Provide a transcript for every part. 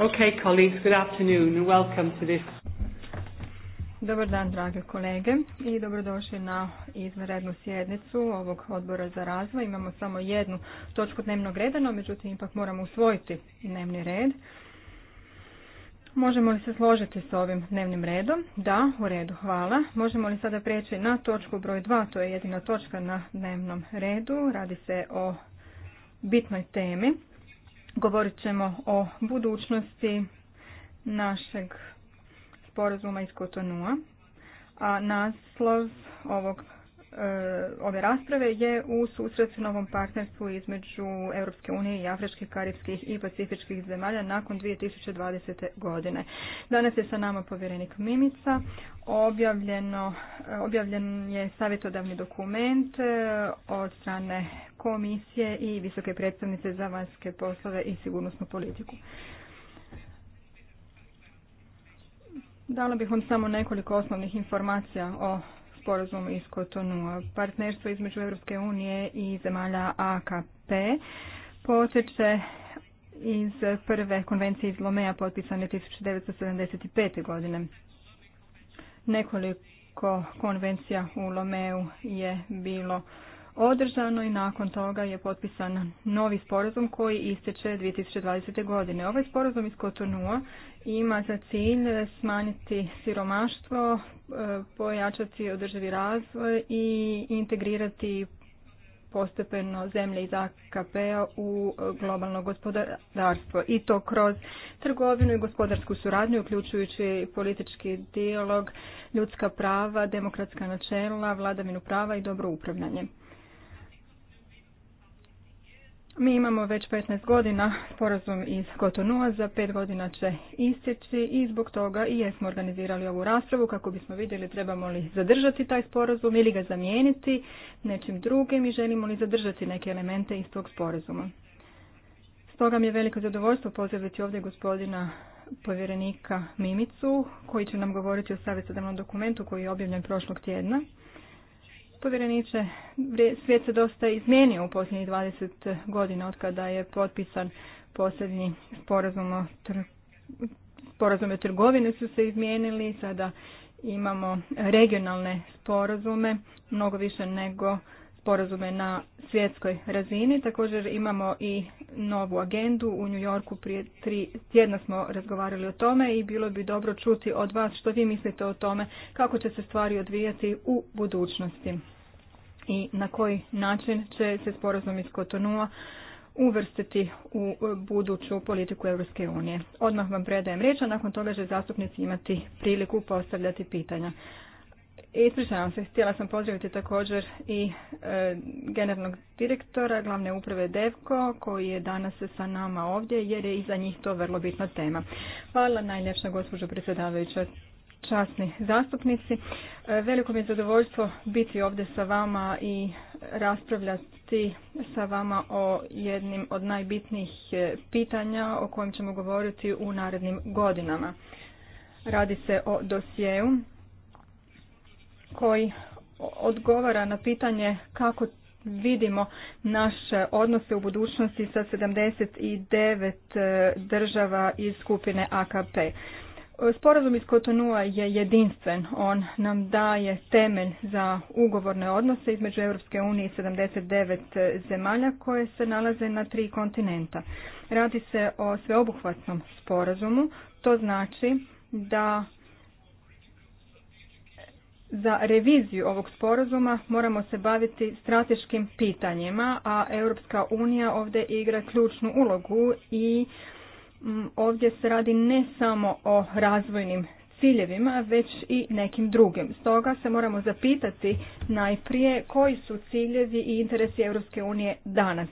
Okay, colleagues, good afternoon and welcome to this. Dobar dan, drage kolege, i dobrodošli na izvanrednu sjednicu ovog odbora za razvoj. Imamo samo jednu točku dnevnog reda, no međutim ipak moramo usvojiti dnevni red. Možemo li se složiti s ovim dnevnim redom? Da, u redu, hvala. Možemo li sada prijeći na točku broj 2, to je jedina točka na dnevnom redu. Radi se o bitnoj temi. Govorit ćemo o budućnosti našeg sporazuma iz Kotonua, a naslov ovog Eh, ove rasprave je u susretu novom partnerstvu između Europske unije i afričkih, karibskih i pacifičkih zemalja nakon 2020. godine. Danas je sa nama povjerenik Mimica. Objavljeno, eh, objavljen je savjetodavni dokument eh, od strane komisije i visoke predstavnice za vanjske poslove i sigurnosnu politiku. Dala bih vam samo nekoliko osnovnih informacija o sporazum iz Kotonu. Partnerstvo između Europske unije i zemalja AKP potječe iz prve konvencije iz Lomea potpisane 1975. godine. Nekoliko konvencija u Lomeu je bilo održano i nakon toga je potpisan novi sporazum koji isteče 2020. godine. Ovaj sporazum iz Kotonua ima za cilj smanjiti siromaštvo, e, pojačati održivi razvoj i integrirati postepeno zemlje iz akp p-a u e, globalno gospodarstvo i to kroz trgovinu i gospodarsku suradnju, uključujući politički dijalog, ljudska prava, demokratska načela, vladavinu prava i dobro upravljanje. Mi imamo već 15 godina sporazum iz Kotonua, za 5 godina će isteći i zbog toga i jesmo organizirali ovu raspravu kako bismo vidjeli trebamo li zadržati taj sporazum ili ga zamijeniti nečim drugim i želimo li zadržati neke elemente iz tog sporazuma. Stoga mi je veliko zadovoljstvo pozdraviti ovdje gospodina povjerenika Mimicu koji će nam govoriti o savjetodavnom dokumentu koji je objavljen prošlog tjedna. Povjereniče, svijet se dosta izmijenio u posljednjih 20 godina od kada je potpisan posljednji sporazum o sporazume trgovine su se izmijenili, sada imamo regionalne sporazume, mnogo više nego sporazume na svjetskoj razini. Također imamo i novu agendu u New Yorku prije tri tjedna smo razgovarali o tome i bilo bi dobro čuti od vas što vi mislite o tome kako će se stvari odvijati u budućnosti i na koji način će se sporazum iz Kotonua uvrstiti u buduću politiku Europske unije. Odmah vam predajem riječ, a nakon toga će zastupnici imati priliku postavljati pitanja. Ispričavam se, htjela sam pozdraviti također i e, generalnog direktora glavne uprave Devko koji je danas sa nama ovdje jer je i za njih to vrlo bitna tema. Hvala najljepša gospođo predsjedavajuća časni zastupnici. E, veliko mi je zadovoljstvo biti ovdje sa vama i raspravljati sa vama o jednim od najbitnijih e, pitanja o kojim ćemo govoriti u narednim godinama. Radi se o dosjeu koji odgovara na pitanje kako vidimo naše odnose u budućnosti sa 79 e, država iz skupine AKP. Sporazum iz Kotonua je jedinstven. On nam daje temelj za ugovorne odnose između Europske unije i 79 e, zemalja koje se nalaze na tri kontinenta. Radi se o sveobuhvatnom sporazumu. To znači da za reviziju ovog sporazuma moramo se baviti strateškim pitanjima, a Europska unija ovdje igra ključnu ulogu i mm, ovdje se radi ne samo o razvojnim ciljevima, već i nekim drugim. Stoga se moramo zapitati najprije koji su ciljevi i interesi Europske unije danas.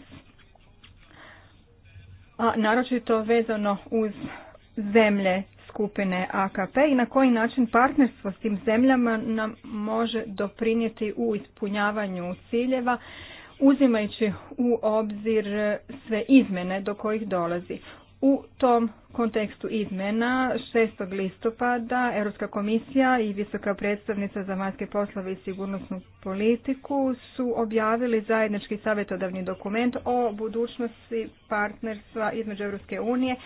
A naročito vezano uz zemlje skupine AKP i na koji način partnerstvo s tim zemljama nam može doprinijeti u ispunjavanju ciljeva uzimajući u obzir sve izmjene do kojih dolazi. U tom kontekstu izmjena 6. listopada Europska komisija i visoka predstavnica za vanjske poslove i sigurnosnu politiku su objavili zajednički savjetodavni dokument o budućnosti partnerstva između Europske unije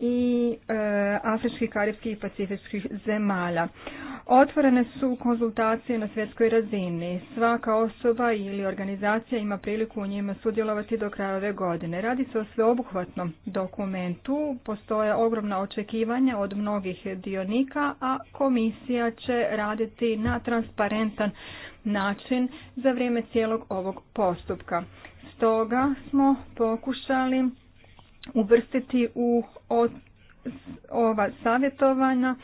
i e, afričkih, karibskih i pacifičkih zemalja. Otvorene su konzultacije na svjetskoj razini. Svaka osoba ili organizacija ima priliku u njima sudjelovati do kraja ove godine. Radi se o sveobuhvatnom dokumentu, postoje ogromna očekivanja od mnogih dionika, a komisija će raditi na transparentan način za vrijeme cijelog ovog postupka. Stoga smo pokušali uvrstiti u ova savjetovanja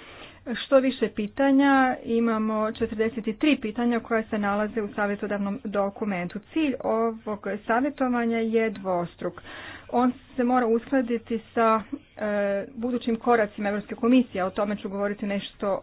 što više pitanja, imamo 43 pitanja koja se nalaze u savjetodavnom dokumentu. Cilj ovog savjetovanja je dvostruk. On se mora uskladiti sa e, budućim koracima Europske komisije, o tome ću govoriti nešto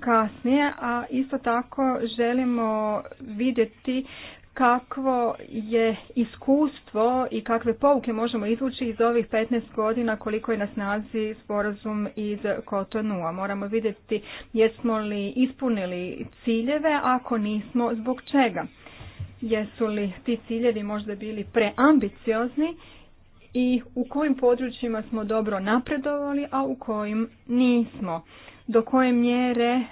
kasnije, a isto tako želimo vidjeti kakvo je iskustvo i kakve pouke možemo izvući iz ovih 15 godina koliko je na snazi sporazum iz Kotonua. Moramo vidjeti jesmo li ispunili ciljeve, ako nismo zbog čega. Jesu li ti ciljevi možda bili preambiciozni i u kojim područjima smo dobro napredovali, a u kojim nismo. Do koje mjere e,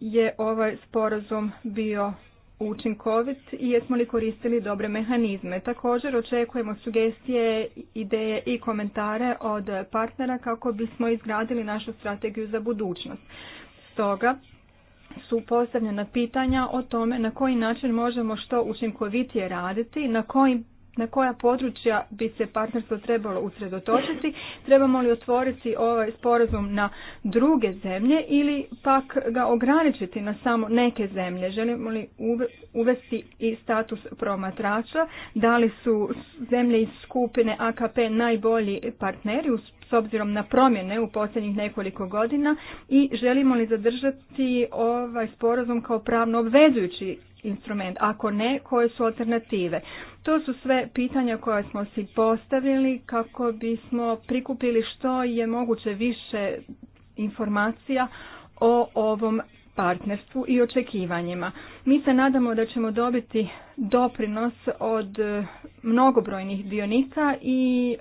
je ovaj sporazum bio učinkovit i jesmo li koristili dobre mehanizme. Također očekujemo sugestije, ideje i komentare od partnera kako bismo izgradili našu strategiju za budućnost. Stoga su postavljena pitanja o tome na koji način možemo što učinkovitije raditi, na kojim na koja područja bi se partnerstvo trebalo usredotočiti, trebamo li otvoriti ovaj sporazum na druge zemlje ili pak ga ograničiti na samo neke zemlje, želimo li uvesti i status promatrača, da li su zemlje iz skupine AKP najbolji partneri u s obzirom na promjene u posljednjih nekoliko godina i želimo li zadržati ovaj sporazum kao pravno obvezujući instrument? Ako ne, koje su alternative? To su sve pitanja koja smo si postavili kako bismo prikupili što je moguće više informacija o ovom partnerstvu i očekivanjima. Mi se nadamo da ćemo dobiti doprinos od e, mnogobrojnih dionika i e,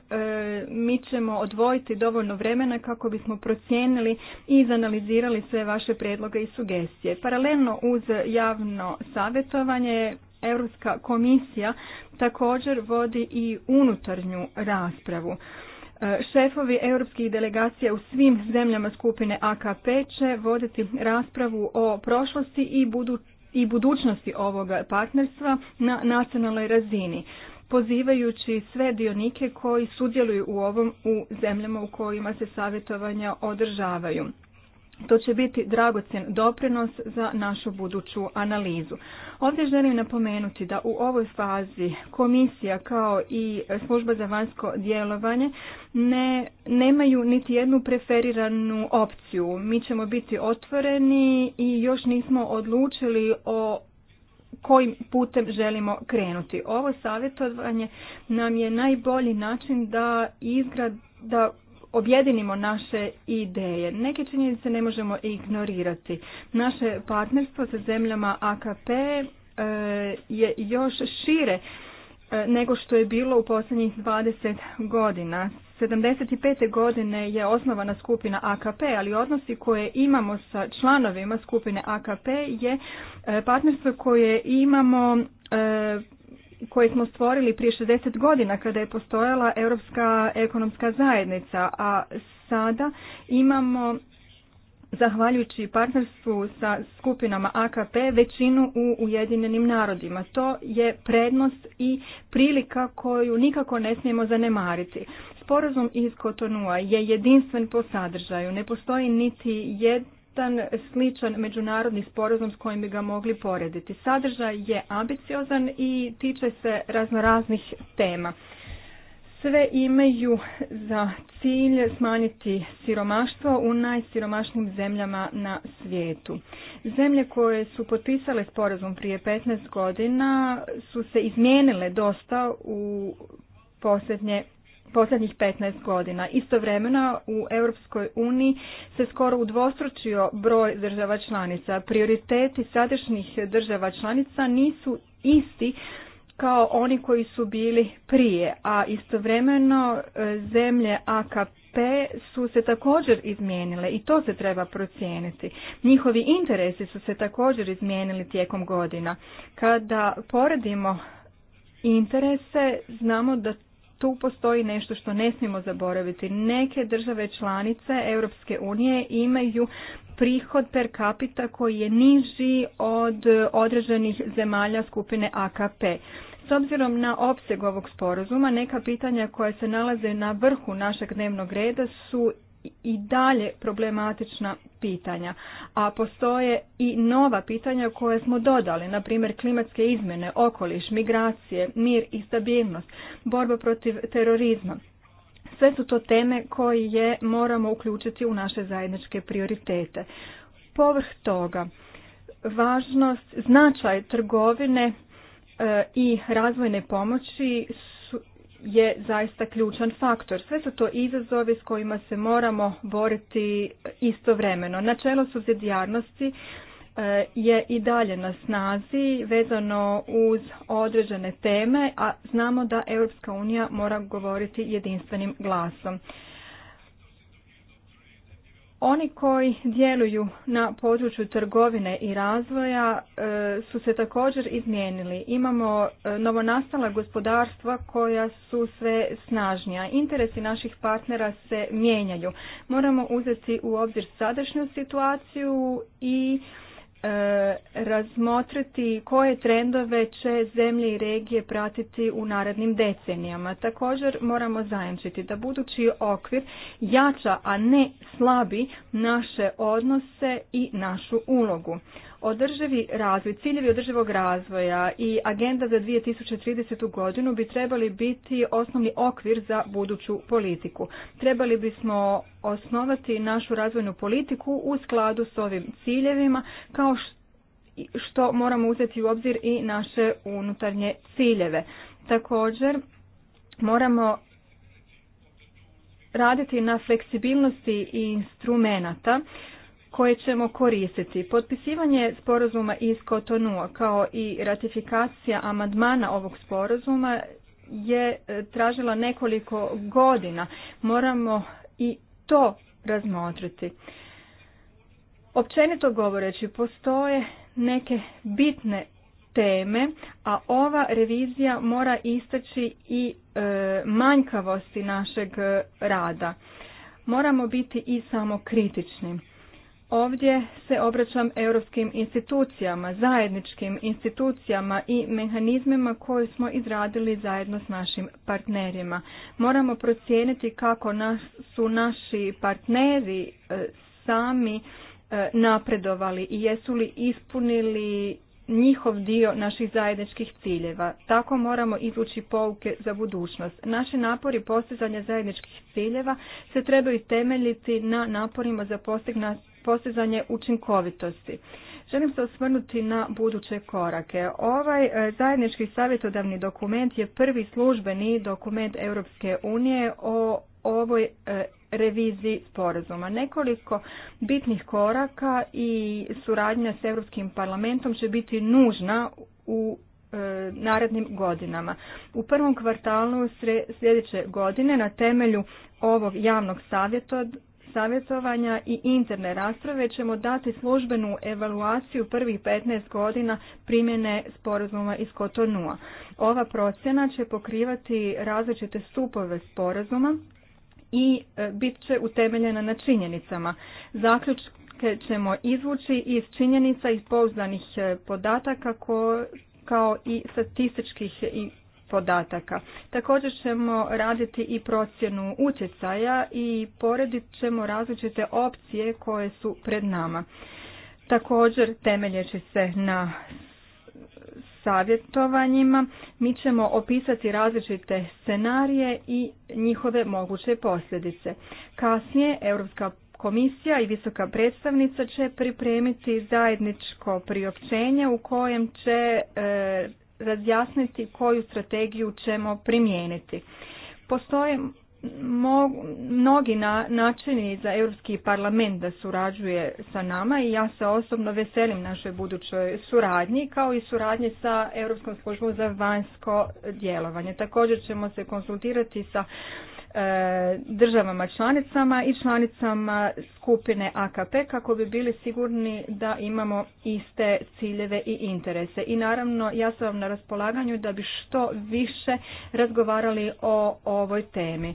mi ćemo odvojiti dovoljno vremena kako bismo procijenili i izanalizirali sve vaše predloge i sugestije. Paralelno uz javno savjetovanje Europska komisija također vodi i unutarnju raspravu. E, šefovi europskih delegacija u svim zemljama skupine AKP će voditi raspravu o prošlosti i, budu, i budućnosti ovoga partnerstva na nacionalnoj razini pozivajući sve dionike koji sudjeluju u ovom u zemljama u kojima se savjetovanja održavaju. To će biti dragocjen doprinos za našu buduću analizu. Ovdje želim napomenuti da u ovoj fazi komisija kao i služba za vanjsko djelovanje ne, nemaju niti jednu preferiranu opciju. Mi ćemo biti otvoreni i još nismo odlučili o kojim putem želimo krenuti. Ovo savjetovanje nam je najbolji način da izgrad, da objedinimo naše ideje. Neke činjenice ne možemo ignorirati. Naše partnerstvo sa zemljama AKP e, je još šire e, nego što je bilo u posljednjih 20 godina. 75. godine je osnovana skupina AKP, ali odnosi koje imamo sa članovima skupine AKP je e, partnerstvo koje imamo koji smo stvorili prije 60 godina kada je postojala Europska ekonomska zajednica, a sada imamo zahvaljujući partnerstvu sa skupinama AKP većinu u Ujedinjenim narodima. To je prednost i prilika koju nikako ne smijemo zanemariti. Sporazum iz Kotonua je jedinstven po sadržaju. Ne postoji niti jedna sličan međunarodni sporazum s kojim bi ga mogli porediti. Sadržaj je ambiciozan i tiče se raznoraznih tema. Sve imaju za cilj smanjiti siromaštvo u najsiromašnijim zemljama na svijetu. Zemlje koje su potpisale sporazum prije 15 godina su se izmijenile dosta u posljednje posljednjih 15 godina. Istovremeno u Europskoj uniji se skoro udvostručio broj država članica. Prioriteti sadašnjih država članica nisu isti kao oni koji su bili prije, a istovremeno e, zemlje AKP su se također izmijenile i to se treba procijeniti. Njihovi interesi su se također izmijenili tijekom godina. Kada poredimo interese, znamo da tu postoji nešto što ne smijemo zaboraviti. Neke države članice Europske unije imaju prihod per capita koji je niži od određenih zemalja skupine AKP. S obzirom na opseg ovog sporazuma, neka pitanja koja se nalaze na vrhu našeg dnevnog reda su i dalje problematična pitanja, a postoje i nova pitanja koje smo dodali, na primjer klimatske izmjene, okoliš, migracije, mir i stabilnost, borba protiv terorizma. Sve su to teme koje moramo uključiti u naše zajedničke prioritete. Povrh toga, važnost, značaj trgovine e, i razvojne pomoći je zaista ključan faktor. Sve su to izazovi s kojima se moramo boriti istovremeno. Načelo subsidijarnosti e, je i dalje na snazi vezano uz određene teme, a znamo da Europska unija mora govoriti jedinstvenim glasom. Oni koji djeluju na području trgovine i razvoja e, su se također izmijenili. Imamo e, novonastala gospodarstva koja su sve snažnija. Interesi naših partnera se mijenjaju. Moramo uzeti u obzir sadašnju situaciju i E, razmotriti koje trendove će zemlje i regije pratiti u narednim decenijama. Također moramo zajamčiti da budući okvir jača, a ne slabi naše odnose i našu ulogu. Održivi razvoj, ciljevi održivog razvoja i agenda za 2030. godinu bi trebali biti osnovni okvir za buduću politiku. Trebali bismo osnovati našu razvojnu politiku u skladu s ovim ciljevima kao što moramo uzeti u obzir i naše unutarnje ciljeve. Također moramo raditi na fleksibilnosti i instrumenata koje ćemo koristiti. Potpisivanje sporazuma iz Kotonua kao i ratifikacija amandmana ovog sporazuma je e, tražila nekoliko godina. Moramo i to razmotriti. Općenito govoreći, postoje neke bitne teme, a ova revizija mora istaći i e, manjkavosti našeg rada. Moramo biti i kritični. Ovdje se obraćam europskim institucijama, zajedničkim institucijama i mehanizmima koje smo izradili zajedno s našim partnerima. Moramo procijeniti kako su naši partneri e, sami e, napredovali i jesu li ispunili njihov dio naših zajedničkih ciljeva. Tako moramo izvući pouke za budućnost. Naši napori postizanja zajedničkih ciljeva se trebaju temeljiti na naporima za postigna postizanje učinkovitosti. Želim se osvrnuti na buduće korake. Ovaj e, zajednički savjetodavni dokument je prvi službeni dokument Europske unije o ovoj e, reviziji sporazuma. Nekoliko bitnih koraka i suradnja s Europskim parlamentom će biti nužna u e, narednim godinama. U prvom kvartalu sljedeće godine na temelju ovog javnog savjeta savjetovanja i interne rasprave ćemo dati službenu evaluaciju prvih 15 godina primjene sporazuma iz Kotonua. Ova procjena će pokrivati različite stupove sporazuma i e, bit će utemeljena na činjenicama. Zaključke ćemo izvući iz činjenica i pouzdanih e, podataka kao i statističkih i podataka. Također ćemo raditi i procjenu utjecaja i poredit ćemo različite opcije koje su pred nama. Također temeljeći se na savjetovanjima mi ćemo opisati različite scenarije i njihove moguće posljedice. Kasnije Europska komisija i visoka predstavnica će pripremiti zajedničko priopćenje u kojem će e, razjasniti koju strategiju ćemo primijeniti. Postoje mnogi načini za Europski parlament da surađuje sa nama i ja se osobno veselim našoj budućoj suradnji kao i suradnji sa Europskom službom za vanjsko djelovanje. Također ćemo se konsultirati sa E, državama članicama i članicama skupine AKP kako bi bili sigurni da imamo iste ciljeve i interese. I naravno ja sam vam na raspolaganju da bi što više razgovarali o ovoj temi.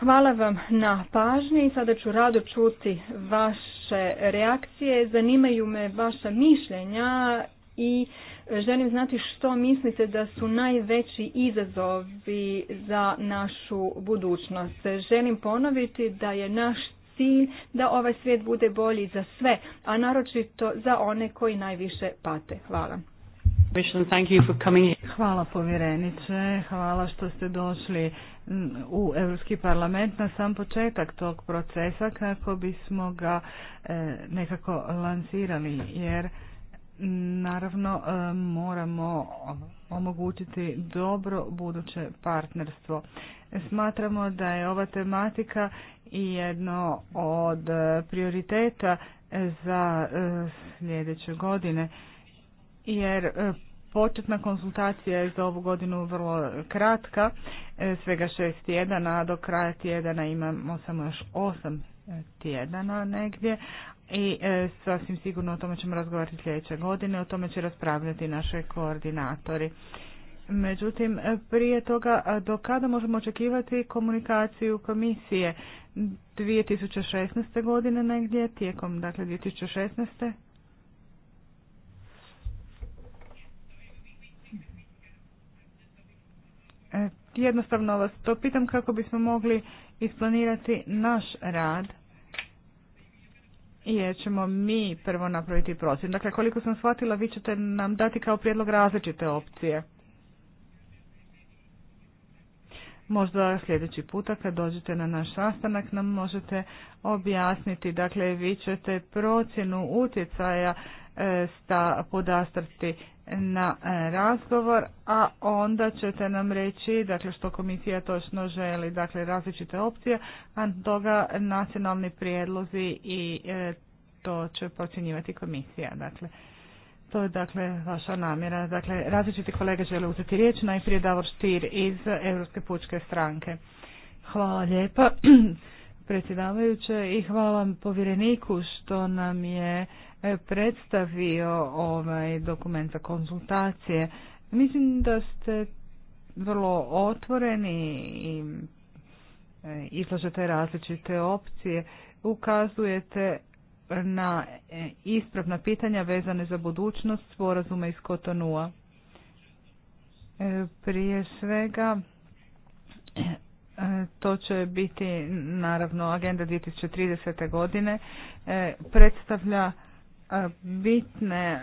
Hvala vam na pažnji i sada ću rado čuti vaše reakcije. Zanimaju me vaša mišljenja i Želim znati što mislite da su najveći izazovi za našu budućnost. Želim ponoviti da je naš cilj da ovaj svijet bude bolji za sve, a naročito za one koji najviše pate. Hvala. Hvala povjereniče, hvala što ste došli u Europski parlament na sam početak tog procesa kako bismo ga e, nekako lansirali jer naravno e, moramo omogućiti dobro buduće partnerstvo. Smatramo da je ova tematika jedno od prioriteta za e, sljedeće godine jer e, početna konsultacija je za ovu godinu vrlo kratka, svega šest tjedana, a do kraja tjedana imamo samo još osam tjedana negdje, i e, sasvim sigurno o tome ćemo razgovarati sljedeće godine, o tome će raspravljati naše koordinatori. Međutim, e, prije toga, do kada možemo očekivati komunikaciju komisije 2016. godine negdje, tijekom dakle 2016. E, jednostavno vas to pitam kako bismo mogli isplanirati naš rad jer ćemo mi prvo napraviti procjenu. Dakle, koliko sam shvatila, vi ćete nam dati kao prijedlog različite opcije. Možda sljedeći puta kad dođete na naš sastanak nam možete objasniti. Dakle, vi ćete procjenu utjecaja E, sta podastrti na e, razgovor, a onda ćete nam reći dakle, što komisija točno želi, dakle različite opcije, a toga nacionalni prijedlozi i e, to će procjenjivati komisija. Dakle, to je dakle vaša namjera. Dakle, različiti kolege žele uzeti riječ, najprije Davor Štir iz Europske pučke stranke. Hvala lijepa predsjedavajuća i hvala povjereniku što nam je e, predstavio ovaj dokument za konzultacije. Mislim da ste vrlo otvoreni i e, izlažete različite opcije, ukazujete na e, ispravna pitanja vezane za budućnost sporazuma iz Kotonua. Prije svega E, to će biti naravno agenda 2030. godine e, predstavlja e, bitne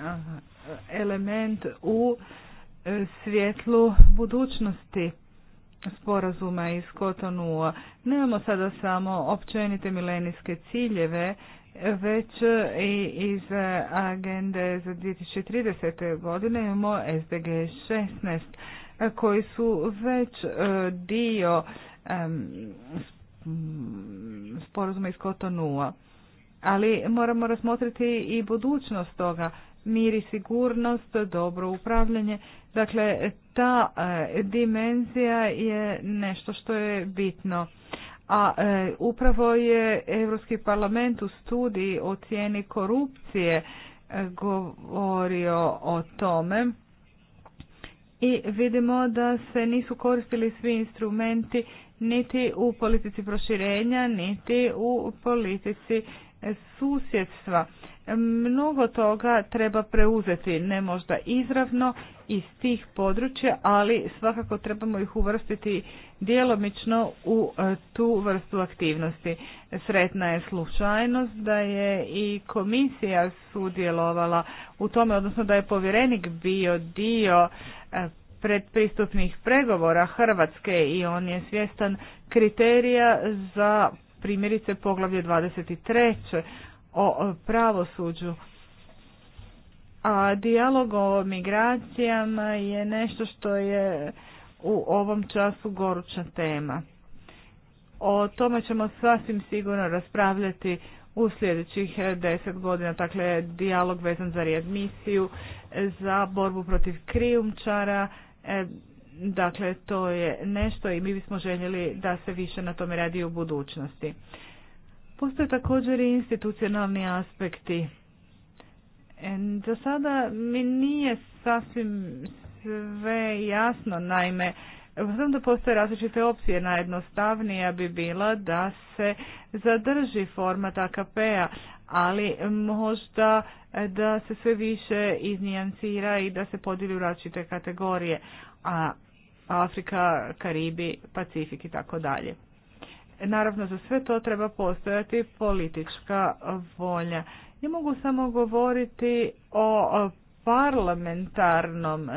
element u svjetlu budućnosti sporazuma iz Kotonua. Nemamo sada samo općenite milenijske ciljeve, već i iz agende za 2030. godine imamo SDG 16 koji su već dio sporozuma iz Kotonua. Ali moramo razmotriti i budućnost toga, mir i sigurnost, dobro upravljanje. Dakle, ta e, dimenzija je nešto što je bitno. A e, upravo je Europski parlament u studiji o cijeni korupcije e, govorio o tome i vidimo da se nisu koristili svi instrumenti niti u politici proširenja, niti u politici susjedstva. Mnogo toga treba preuzeti, ne možda izravno iz tih područja, ali svakako trebamo ih uvrstiti djelomično u e, tu vrstu aktivnosti. Sretna je slučajnost da je i komisija sudjelovala u tome, odnosno da je povjerenik bio dio e, predpristupnih pregovora Hrvatske i on je svjestan kriterija za primjerice poglavlje 23. o pravosuđu. A dijalog o migracijama je nešto što je u ovom času goruća tema. O tome ćemo sasvim sigurno raspravljati u sljedećih deset godina, dakle dijalog vezan za readmisiju, za borbu protiv krijumčara, E, dakle, to je nešto i mi bismo željeli da se više na tome radi u budućnosti. Postoje također i institucionalni aspekti. E, za sada mi nije sasvim sve jasno, naime, znam da postoje različite opcije, najjednostavnija bi bila da se zadrži format AKP-a, ali možda e, da se sve više iznijancira i da se podijeli u različite kategorije, a Afrika, Karibi, Pacifik i tako dalje. Naravno, za sve to treba postojati politička volja. Ja mogu samo govoriti o parlamentarnom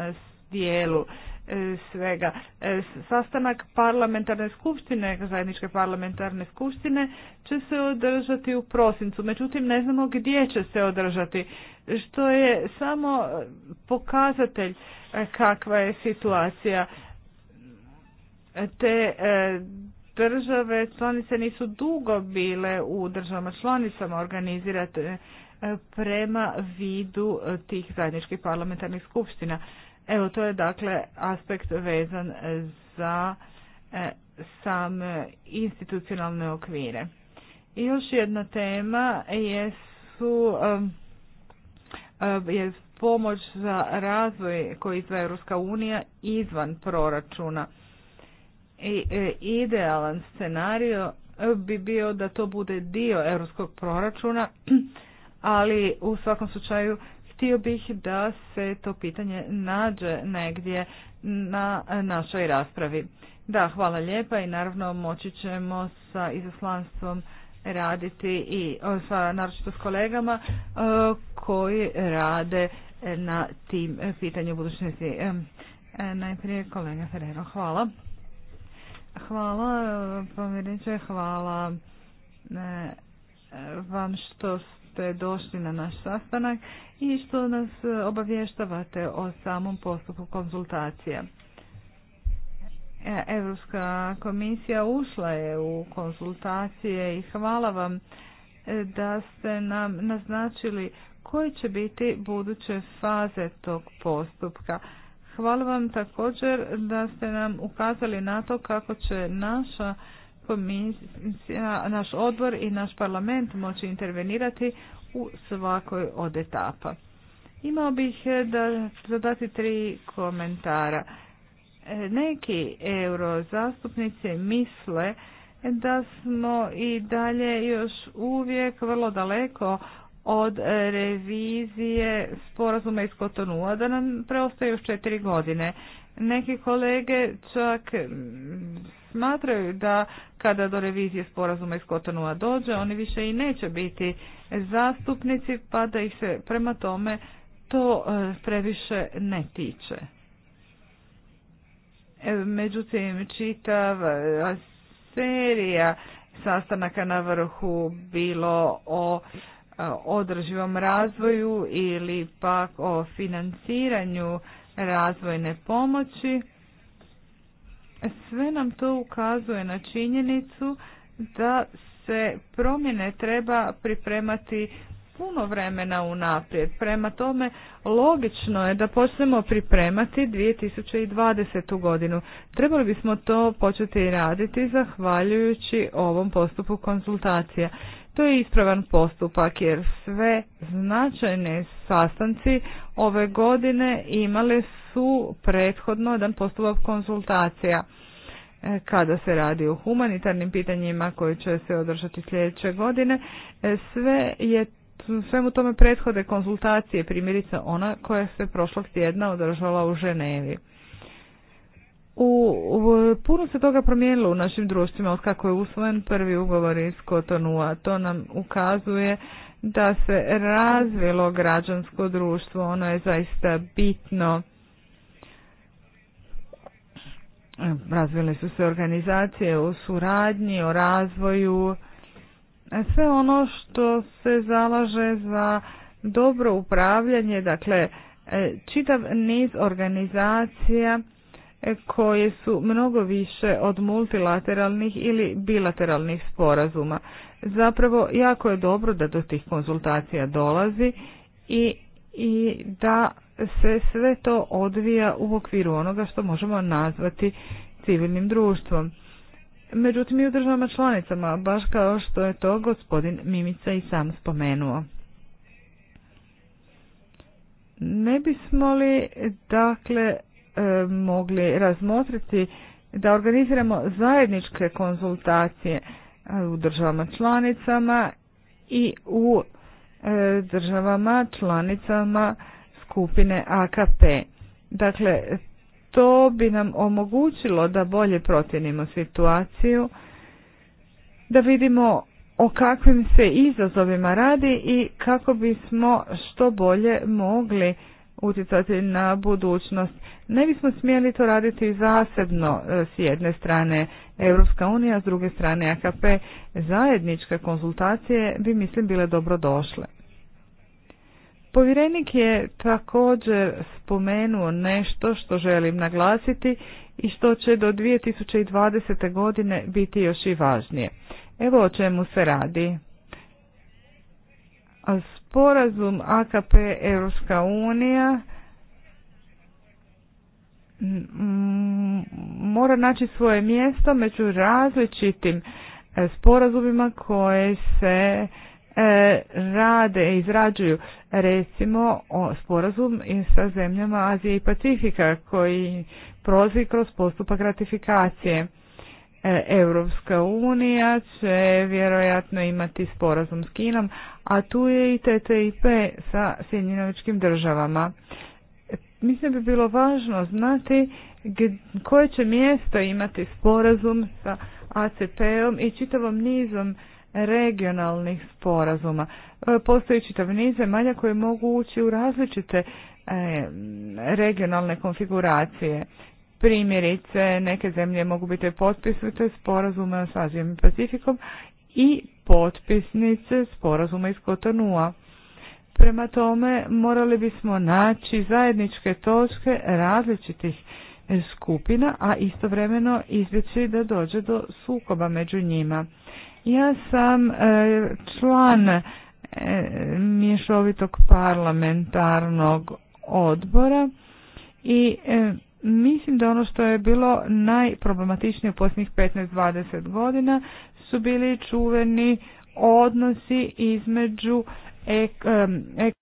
dijelu e, svega. E, sastanak parlamentarne skupštine, zajedničke parlamentarne skupštine će se održati u prosincu. Međutim, ne znamo gdje će se održati, što je samo pokazatelj e, kakva je situacija. Te države članice nisu dugo bile u državama članicama organizirati prema vidu tih zajedničkih parlamentarnih skupština. Evo, to je dakle aspekt vezan za e, same institucionalne okvire. I još jedna tema su je pomoć za razvoj koji izdvaja Europska unija izvan proračuna. I, e, idealan scenario e, bi bio da to bude dio europskog proračuna, ali u svakom slučaju Htio bih da se to pitanje nađe negdje na našoj raspravi. Da, hvala lijepa i naravno moći ćemo sa izaslanstvom raditi i sa, naročito s kolegama e, koji rade na tim pitanju budućnosti. E, e, najprije kolega Ferrero, hvala. Hvala, hvala vam što ste došli na naš sastanak i što nas e, obavještavate o samom postupku konzultacije. E, Europska komisija ušla je u konzultacije i hvala vam e, da ste nam naznačili koje će biti buduće faze tog postupka. Hvala vam također da ste nam ukazali na to kako će naša naš odbor i naš parlament moći intervenirati u svakoj od etapa. Imao bih eh, da dodati tri komentara. Eh, neki eurozastupnice misle da smo i dalje još uvijek vrlo daleko od eh, revizije sporazuma iz Kotonua, da nam preostaje još četiri godine. Neki kolege čak mm, smatraju da kada do revizije sporazuma iz Kotonua dođe, oni više i neće biti zastupnici, pa da ih se prema tome to e, previše ne tiče. E, međutim, čitav e, serija sastanaka na vrhu bilo o održivom razvoju ili pak o financiranju razvojne pomoći. Sve nam to ukazuje na činjenicu da se promjene treba pripremati puno vremena unaprijed. Prema tome, logično je da počnemo pripremati 2020. godinu. Trebali bismo to početi raditi zahvaljujući ovom postupu konzultacija. To je ispravan postupak jer sve značajne sastanci ove godine imale su prethodno jedan postupak konzultacija. E, kada se radi o humanitarnim pitanjima koji će se održati sljedeće godine. E, sve je svemu tome prethode konzultacije, primjerice ona koja se prošlog tjedna održala u Ženevi. U, puno se toga promijenilo u našim društvima od kako je usvojen prvi ugovor iz Kotonua. To nam ukazuje da se razvilo građansko društvo. Ono je zaista bitno. Razvile su se organizacije o suradnji, o razvoju. E, sve ono što se zalaže za dobro upravljanje, dakle e, čitav niz organizacija koje su mnogo više od multilateralnih ili bilateralnih sporazuma. Zapravo jako je dobro da do tih konzultacija dolazi i, i da se sve to odvija u okviru onoga što možemo nazvati civilnim društvom. Međutim i u državama članicama, baš kao što je to gospodin Mimica i sam spomenuo. Ne bismo li dakle E, mogli razmotriti da organiziramo zajedničke konzultacije e, u državama članicama i u e, državama članicama skupine AKP. Dakle, to bi nam omogućilo da bolje protinimo situaciju, da vidimo o kakvim se izazovima radi i kako bismo što bolje mogli utjecati na budućnost. Ne bismo smjeli to raditi zasebno e, s jedne strane Europska unija, s druge strane AKP. Zajedničke konzultacije bi mislim bile dobrodošle. Povjerenik je također spomenuo nešto što želim naglasiti i što će do 2020. godine biti još i važnije. Evo o čemu se radi sporazum AKP Europska unija mora naći svoje mjesto među različitim e, sporazumima koje se e, rade rade, izrađuju recimo o, sporazum sa zemljama Azije i Pacifika koji prolazi kroz postupak ratifikacije. Europska unija će vjerojatno imati sporazum s Kinom, a tu je i TTIP sa Sjedinjenovičkim državama. Mislim bi bilo važno znati koje će mjesto imati sporazum sa ACP-om i čitavom nizom regionalnih sporazuma. E, postoji čitav niz zemalja koje mogu ući u različite e, regionalne konfiguracije. Primjerice, neke zemlje mogu biti potpisnice sporazuma s Azijom i Pacifikom i potpisnice sporazuma iz Kotonua. Prema tome, morali bismo naći zajedničke točke različitih skupina, a istovremeno izbjeći da dođe do sukoba među njima. Ja sam e, član e, mješovitog parlamentarnog odbora i e, Mislim da ono što je bilo najproblematičnije u posljednjih 15-20 godina su bili čuveni odnosi između ek, ek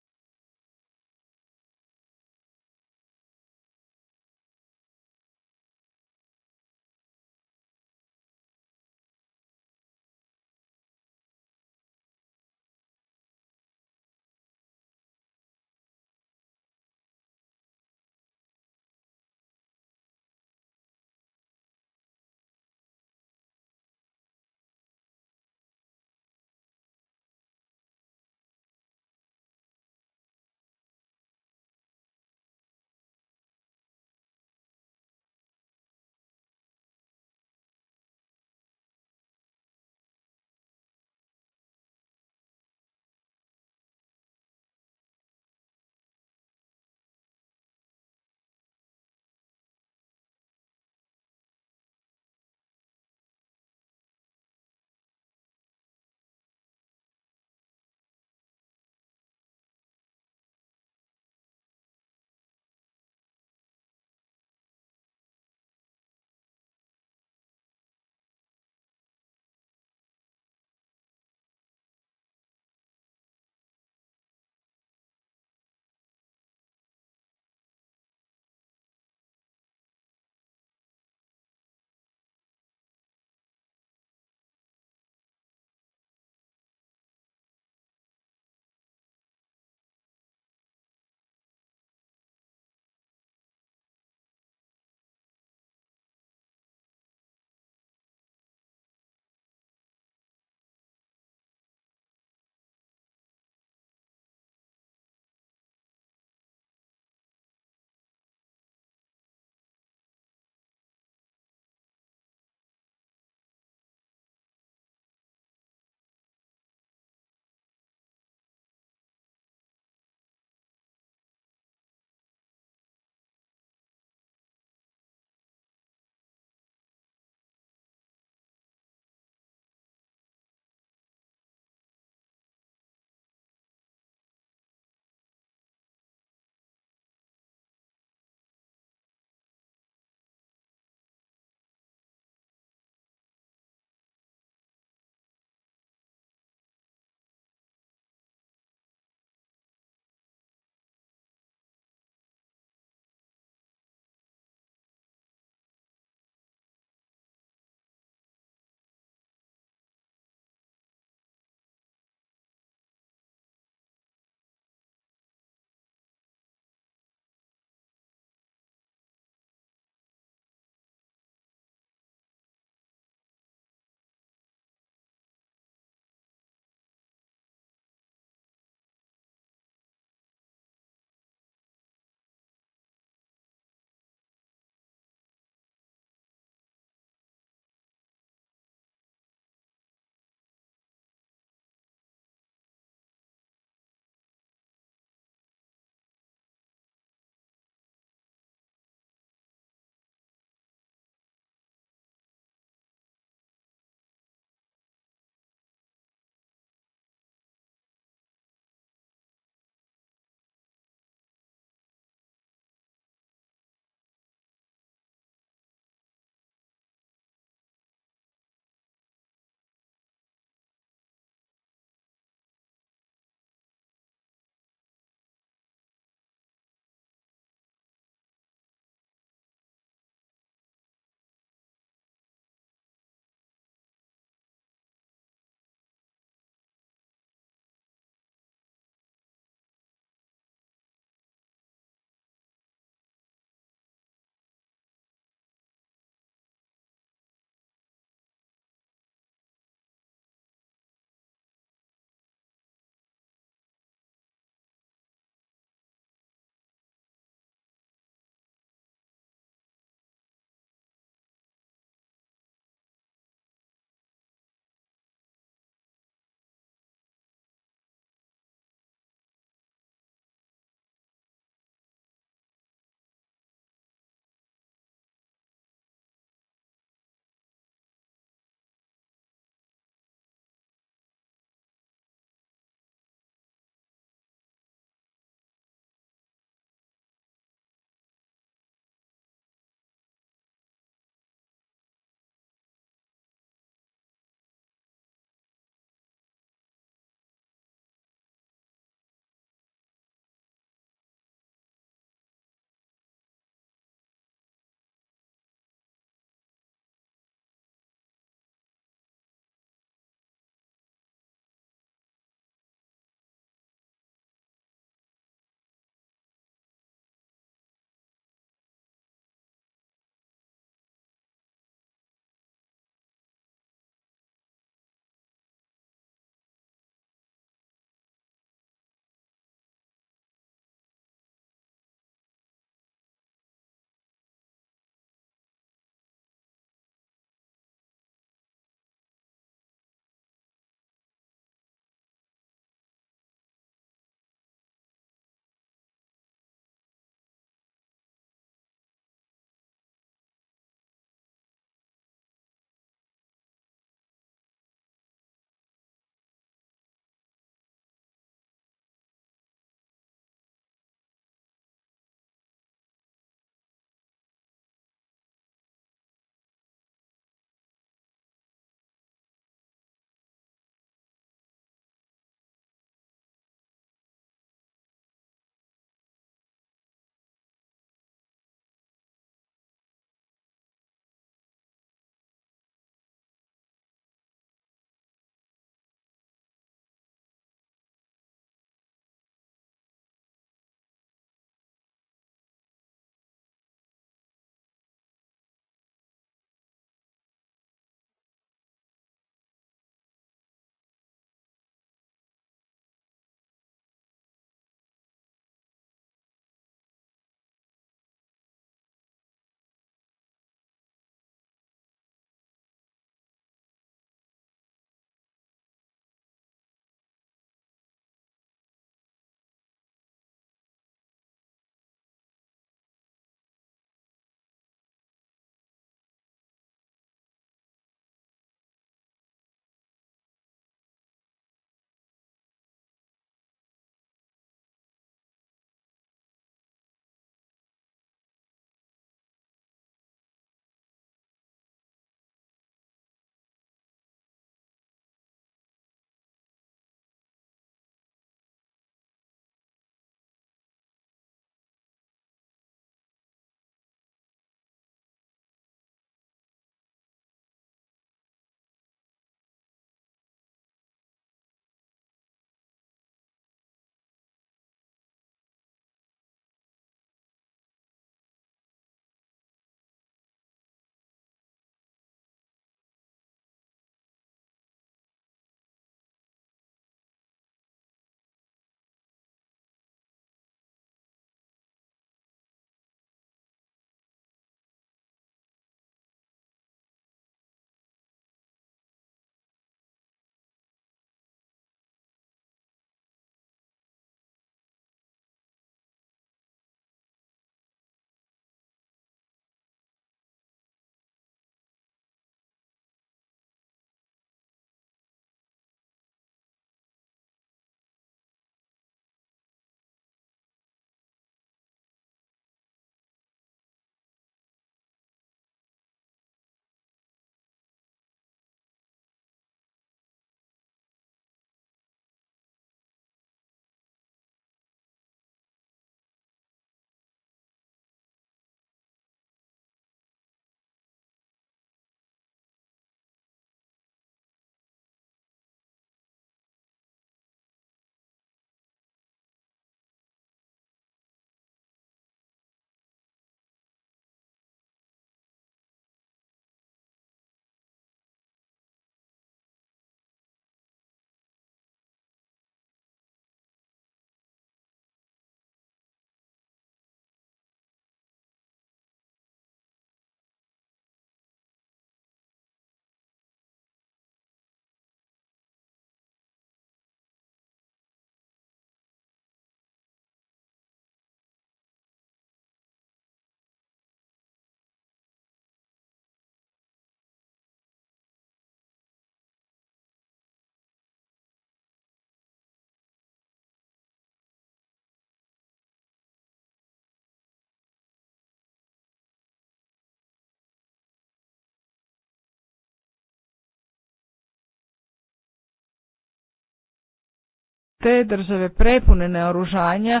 te države prepune naoružanja,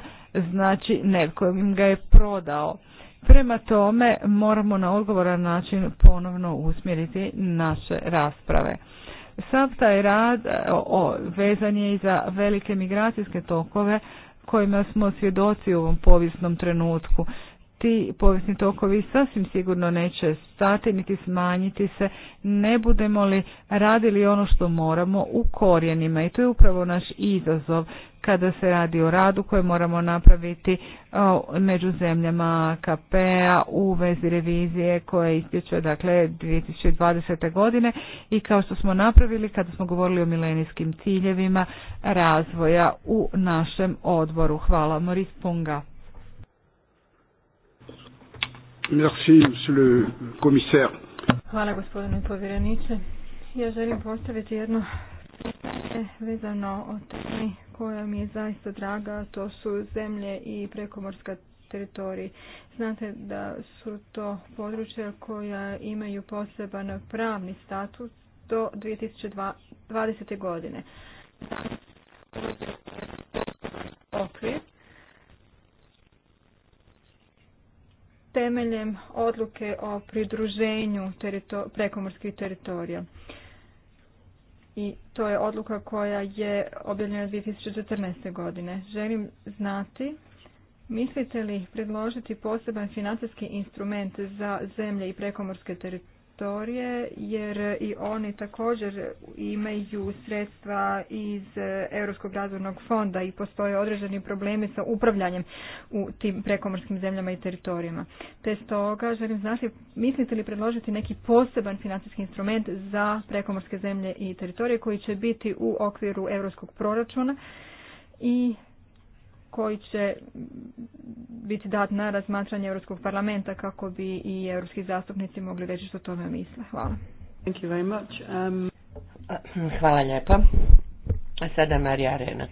znači netko im ga je prodao. Prema tome moramo na odgovoran način ponovno usmjeriti naše rasprave. Sav taj rad e, o, o, vezan je i za velike migracijske tokove kojima smo svjedoci u ovom povijesnom trenutku ti povijesni tokovi sasvim sigurno neće stati niti smanjiti se, ne budemo li radili ono što moramo u korijenima i to je upravo naš izazov kada se radi o radu koje moramo napraviti e, među zemljama KP-a u vezi revizije koja istječe dakle 2020. godine i kao što smo napravili kada smo govorili o milenijskim ciljevima razvoja u našem odboru. Hvala Moris Punga. Hvala gospodine povjereniče. Ja želim postaviti jedno pitanje vezano o temi koja mi je zaista draga, to su zemlje i prekomorska teritorija. Znate da su to područja koja imaju poseban pravni status do 2020. godine. Okvir temeljem odluke o pridruženju prekomorskih teritorija. I to je odluka koja je objavljena 2014. godine. Želim znati Mislite li predložiti poseban financijski instrument za zemlje i prekomorske teritorije? laboratorije jer i oni također imaju sredstva iz Europskog razvojnog fonda i postoje određeni problemi sa upravljanjem u tim prekomorskim zemljama i teritorijama. Te stoga želim znači mislite li predložiti neki poseban financijski instrument za prekomorske zemlje i teritorije koji će biti u okviru europskog proračuna i koji će biti dat na razmatranje Europskog parlamenta kako bi i europski zastupnici mogli reći što o tome misle. Hvala. Thank you very much. Um... Hvala lijepa. A sada Marija Arena.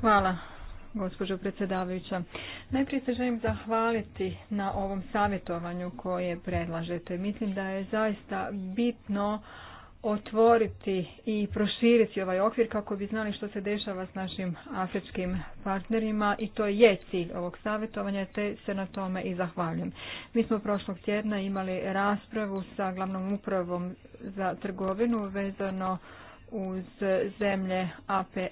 Hvala gospođo predsjedavajuća. Najprije se želim zahvaliti na ovom savjetovanju koje predlažete. Mislim da je zaista bitno otvoriti i proširiti ovaj okvir kako bi znali što se dešava s našim afričkim partnerima i to je cilj ovog savjetovanja te se na tome i zahvaljujem. Mi smo prošlog tjedna imali raspravu sa glavnom upravom za trgovinu vezano uz zemlje APE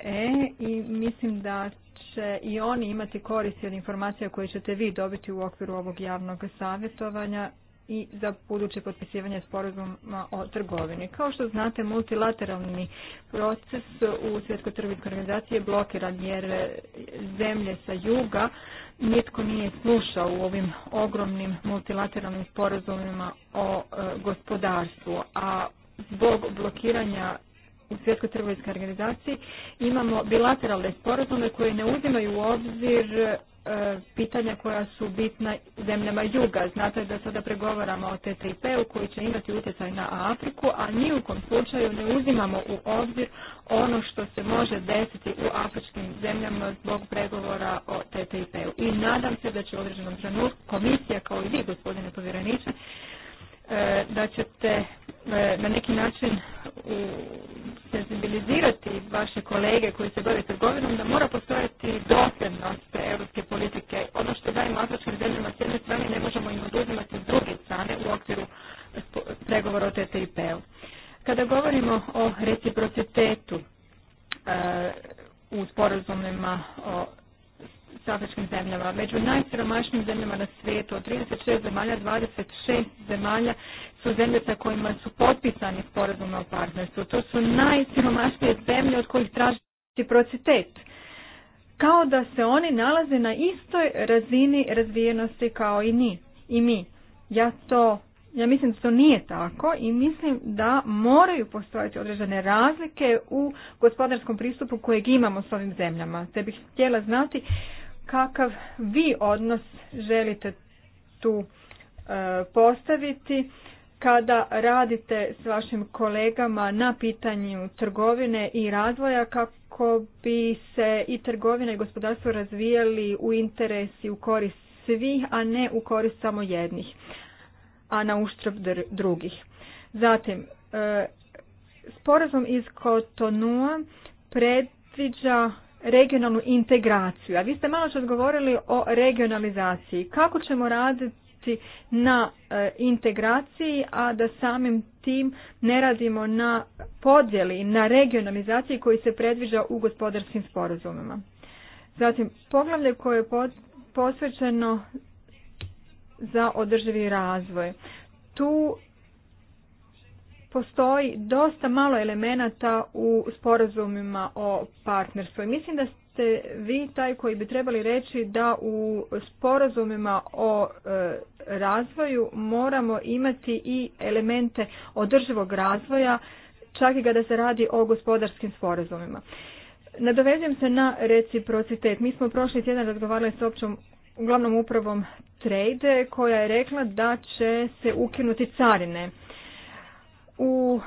i mislim da će i oni imati koristi od informacija koje ćete vi dobiti u okviru ovog javnog savjetovanja i za buduće potpisivanje sporazuma o trgovini. Kao što znate, multilateralni proces u Svjetskoj trgovinskoj organizaciji je blokiran jer zemlje sa juga nitko nije slušao u ovim ogromnim multilateralnim sporazumima o e, gospodarstvu, a zbog blokiranja u Svjetskoj trgovinskoj organizaciji imamo bilateralne sporazume koje ne uzimaju u obzir E, pitanja koja su bitna zemljama juga. Znate da sada pregovaramo o TTIP-u koji će imati utjecaj na Afriku, a ni u kom slučaju ne uzimamo u obzir ono što se može desiti u afričkim zemljama zbog pregovora o TTIP-u. I nadam se da će u određenom trenutku komisija kao i vi, gospodine povjereniče, E, da ćete e, na neki način senzibilizirati vaše kolege koji se bave trgovinom da mora postojati dosljednost europske politike. Ono što dajemo afričkim zemljama s jedne strane ne možemo im oduzimati s druge strane u okviru pregovora o TTIP-u. Kada govorimo o reciprocitetu e, u sporazumima o s afričkim zemljama. Među najsiromašnijim zemljama na svijetu, od 36 zemalja, 26 zemalja su zemlje sa kojima su potpisani sporazuma o partnerstvu. To su najsiromašnije zemlje od kojih traži reciprocitet. Kao da se oni nalaze na istoj razini razvijenosti kao i, ni, i mi. Ja to ja mislim da to nije tako i mislim da moraju postojati određene razlike u gospodarskom pristupu kojeg imamo s ovim zemljama. Te bih htjela znati kakav vi odnos želite tu e, postaviti kada radite s vašim kolegama na pitanju trgovine i razvoja kako bi se i trgovina i gospodarstvo razvijali u interes i u korist svih, a ne u korist samo jednih a na uštrb drugih. Zatim, e, sporazum iz Kotonua predviđa regionalnu integraciju, a vi ste malo što govorili o regionalizaciji. Kako ćemo raditi na e, integraciji, a da samim tim ne radimo na podjeli, na regionalizaciji koji se predviđa u gospodarskim sporazumima. Zatim, poglavlje koje je posvećeno za održivi razvoj. Tu postoji dosta malo elemenata u sporazumima o partnerstvu. mislim da ste vi taj koji bi trebali reći da u sporazumima o e, razvoju moramo imati i elemente održivog razvoja, čak i kada se radi o gospodarskim sporazumima. Nadovezujem se na reciprocitet. Mi smo prošli tjedan razgovarali s općom glavnom upravom Trade koja je rekla da će se ukinuti carine. U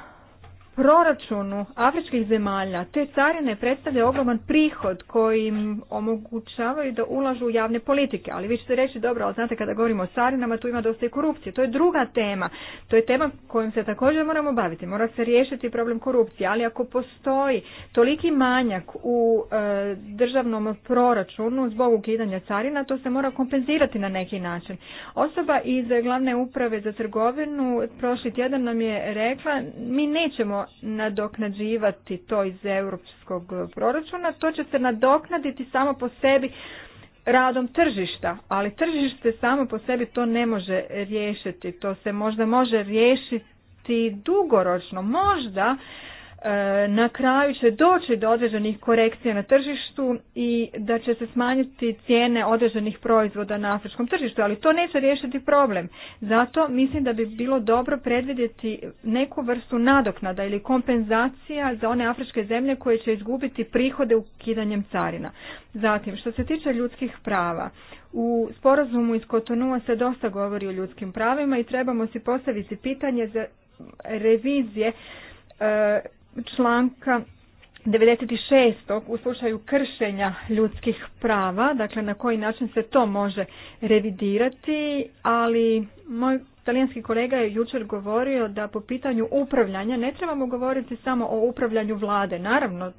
proračunu afričkih zemalja te carine predstavlja ogroman prihod koji im omogućavaju da ulažu u javne politike. Ali vi ćete reći, dobro, ali znate kada govorimo o carinama, tu ima dosta i korupcije. To je druga tema. To je tema kojom se također moramo baviti. Mora se riješiti problem korupcije. Ali ako postoji toliki manjak u e, državnom proračunu zbog ukidanja carina, to se mora kompenzirati na neki način. Osoba iz glavne uprave za trgovinu prošli tjedan nam je rekla, mi nećemo nadoknadživati to iz europskog proračuna, to će se nadoknaditi samo po sebi radom tržišta, ali tržište samo po sebi to ne može riješiti, to se možda može riješiti dugoročno, možda E, na kraju će doći do određenih korekcija na tržištu i da će se smanjiti cijene određenih proizvoda na afričkom tržištu, ali to neće riješiti problem. Zato mislim da bi bilo dobro predvidjeti neku vrstu nadoknada ili kompenzacija za one afričke zemlje koje će izgubiti prihode ukidanjem carina. Zatim, što se tiče ljudskih prava, u sporazumu iz Kotonua se dosta govori o ljudskim pravima i trebamo si postaviti pitanje za revizije e, članka 96. u slučaju kršenja ljudskih prava, dakle na koji način se to može revidirati, ali moj talijanski kolega je jučer govorio da po pitanju upravljanja ne trebamo govoriti samo o upravljanju vlade. Naravno,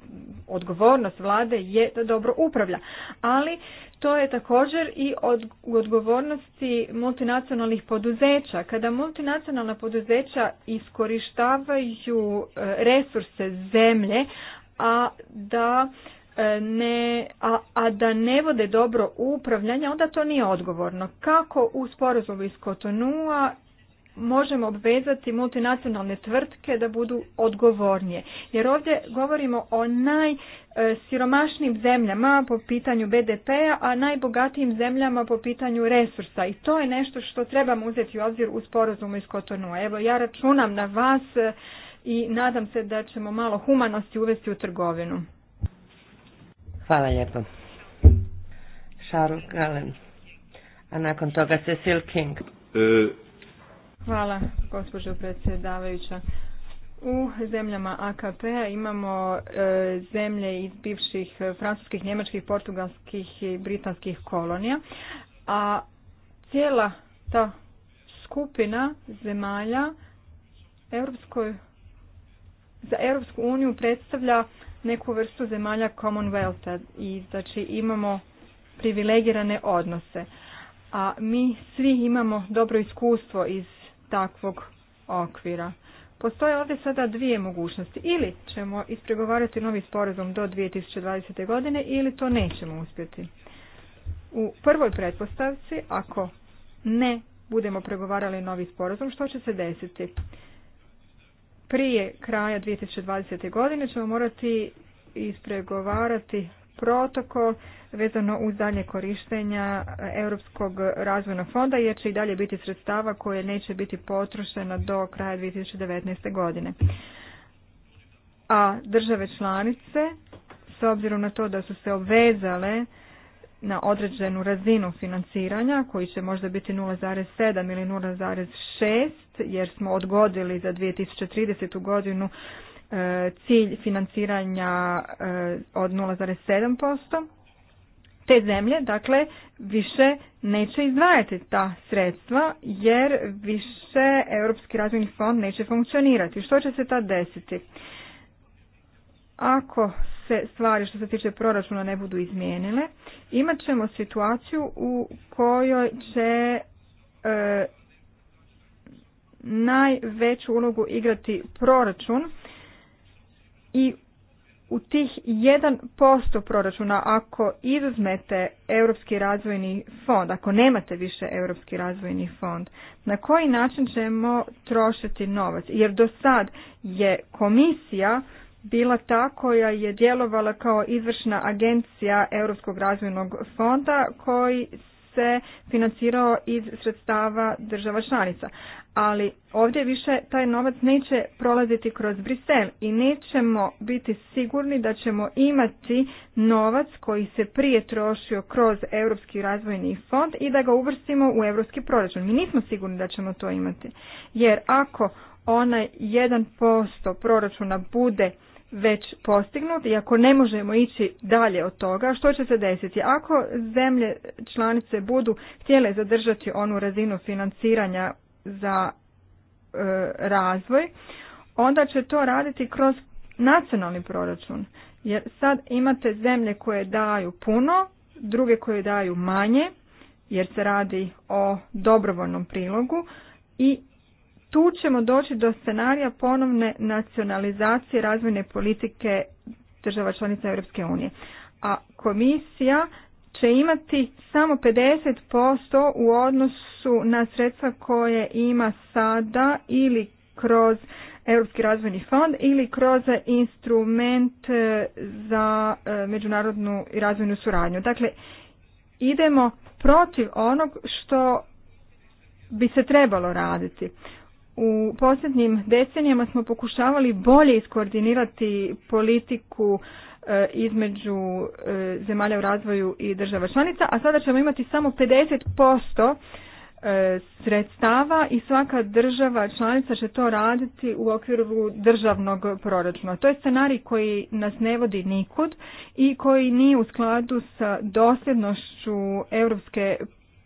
odgovornost vlade je da dobro upravlja. Ali to je također i od, odgovornosti multinacionalnih poduzeća. Kada multinacionalna poduzeća iskorištavaju e, resurse zemlje, a da e, ne, a, a da ne vode dobro upravljanje, onda to nije odgovorno. Kako u sporazumu iz Kotonua možemo obvezati multinacionalne tvrtke da budu odgovornije. Jer ovdje govorimo o najsiromašnijim zemljama po pitanju BDP-a, a najbogatijim zemljama po pitanju resursa. I to je nešto što trebamo uzeti u obzir u sporazumu iz Kotonua. Evo, ja računam na vas e, i nadam se da ćemo malo humanosti uvesti u trgovinu. Hvala lijepo. Galen. A nakon toga Cecil King. E, Hvala, gospođo predsjedavajuća. U zemljama AKP-a imamo e, zemlje iz bivših e, francuskih, njemačkih, portugalskih i britanskih kolonija, a cijela ta skupina zemalja Europskoj, za Europsku uniju predstavlja neku vrstu zemalja Commonwealtha i znači imamo privilegirane odnose. A mi svi imamo dobro iskustvo iz takvog okvira. Postoje ovdje sada dvije mogućnosti. Ili ćemo ispregovarati novi sporazum do 2020. godine ili to nećemo uspjeti. U prvoj pretpostavci, ako ne budemo pregovarali novi sporazum, što će se desiti? Prije kraja 2020. godine ćemo morati ispregovarati protokol vezano uz dalje korištenja Europskog razvojnog fonda jer će i dalje biti sredstava koje neće biti potrošena do kraja 2019. godine. A države članice, s obzirom na to da su se obvezale na određenu razinu financiranja koji će možda biti 0,7 ili 0,6 jer smo odgodili za 2030. godinu E, cilj financiranja e, od 0,7%. Te zemlje, dakle, više neće izdvajati ta sredstva jer više Europski razvojni fond neće funkcionirati. Što će se tad desiti? Ako se stvari što se tiče proračuna ne budu izmijenile, imat ćemo situaciju u kojoj će e, najveću ulogu igrati proračun i u tih 1% proračuna ako izuzmete Europski razvojni fond, ako nemate više Europski razvojni fond, na koji način ćemo trošiti novac? Jer do sad je komisija bila ta koja je djelovala kao izvršna agencija Europskog razvojnog fonda koji se financirao iz sredstava država članica. Ali ovdje više taj novac neće prolaziti kroz Brisel i nećemo biti sigurni da ćemo imati novac koji se prije trošio kroz Europski razvojni fond i da ga uvrstimo u Europski proračun. Mi nismo sigurni da ćemo to imati. Jer ako onaj 1% proračuna bude već postignut i ako ne možemo ići dalje od toga, što će se desiti? Ako zemlje članice budu htjele zadržati onu razinu financiranja za e, razvoj, onda će to raditi kroz nacionalni proračun. Jer sad imate zemlje koje daju puno, druge koje daju manje, jer se radi o dobrovoljnom prilogu i tu ćemo doći do scenarija ponovne nacionalizacije razvojne politike država članica Europske unije. A komisija će imati samo 50% u odnosu na sredstva koje ima sada ili kroz Europski razvojni fond ili kroz instrument e, za e, međunarodnu i razvojnu suradnju. Dakle, idemo protiv onog što bi se trebalo raditi. U posljednjim decenijama smo pokušavali bolje iskoordinirati politiku e, između e, zemalja u razvoju i država članica, a sada ćemo imati samo 50% e, sredstava i svaka država članica će to raditi u okviru državnog proračuna. To je scenarij koji nas ne vodi nikud i koji nije u skladu sa dosljednošću europske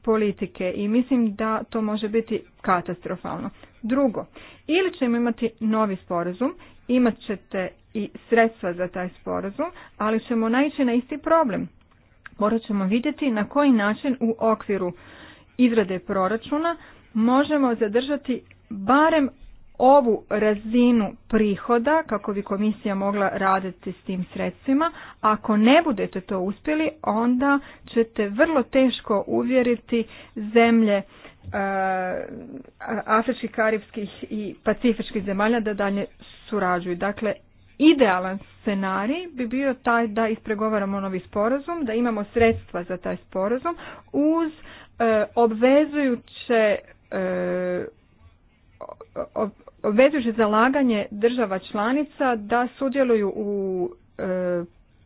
politike i mislim da to može biti katastrofalno. Drugo, ili ćemo imati novi sporazum, imat ćete i sredstva za taj sporazum, ali ćemo naići na isti problem. Morat ćemo vidjeti na koji način u okviru izrade proračuna možemo zadržati barem ovu razinu prihoda kako bi komisija mogla raditi s tim sredstvima. Ako ne budete to uspjeli, onda ćete vrlo teško uvjeriti zemlje Eh, afričkih, karibskih i pacifičkih zemalja da dalje surađuju. Dakle, idealan scenarij bi bio taj da ispregovaramo novi sporazum, da imamo sredstva za taj sporazum uz eh, obvezujuće eh, obvezujuće zalaganje država članica da sudjeluju u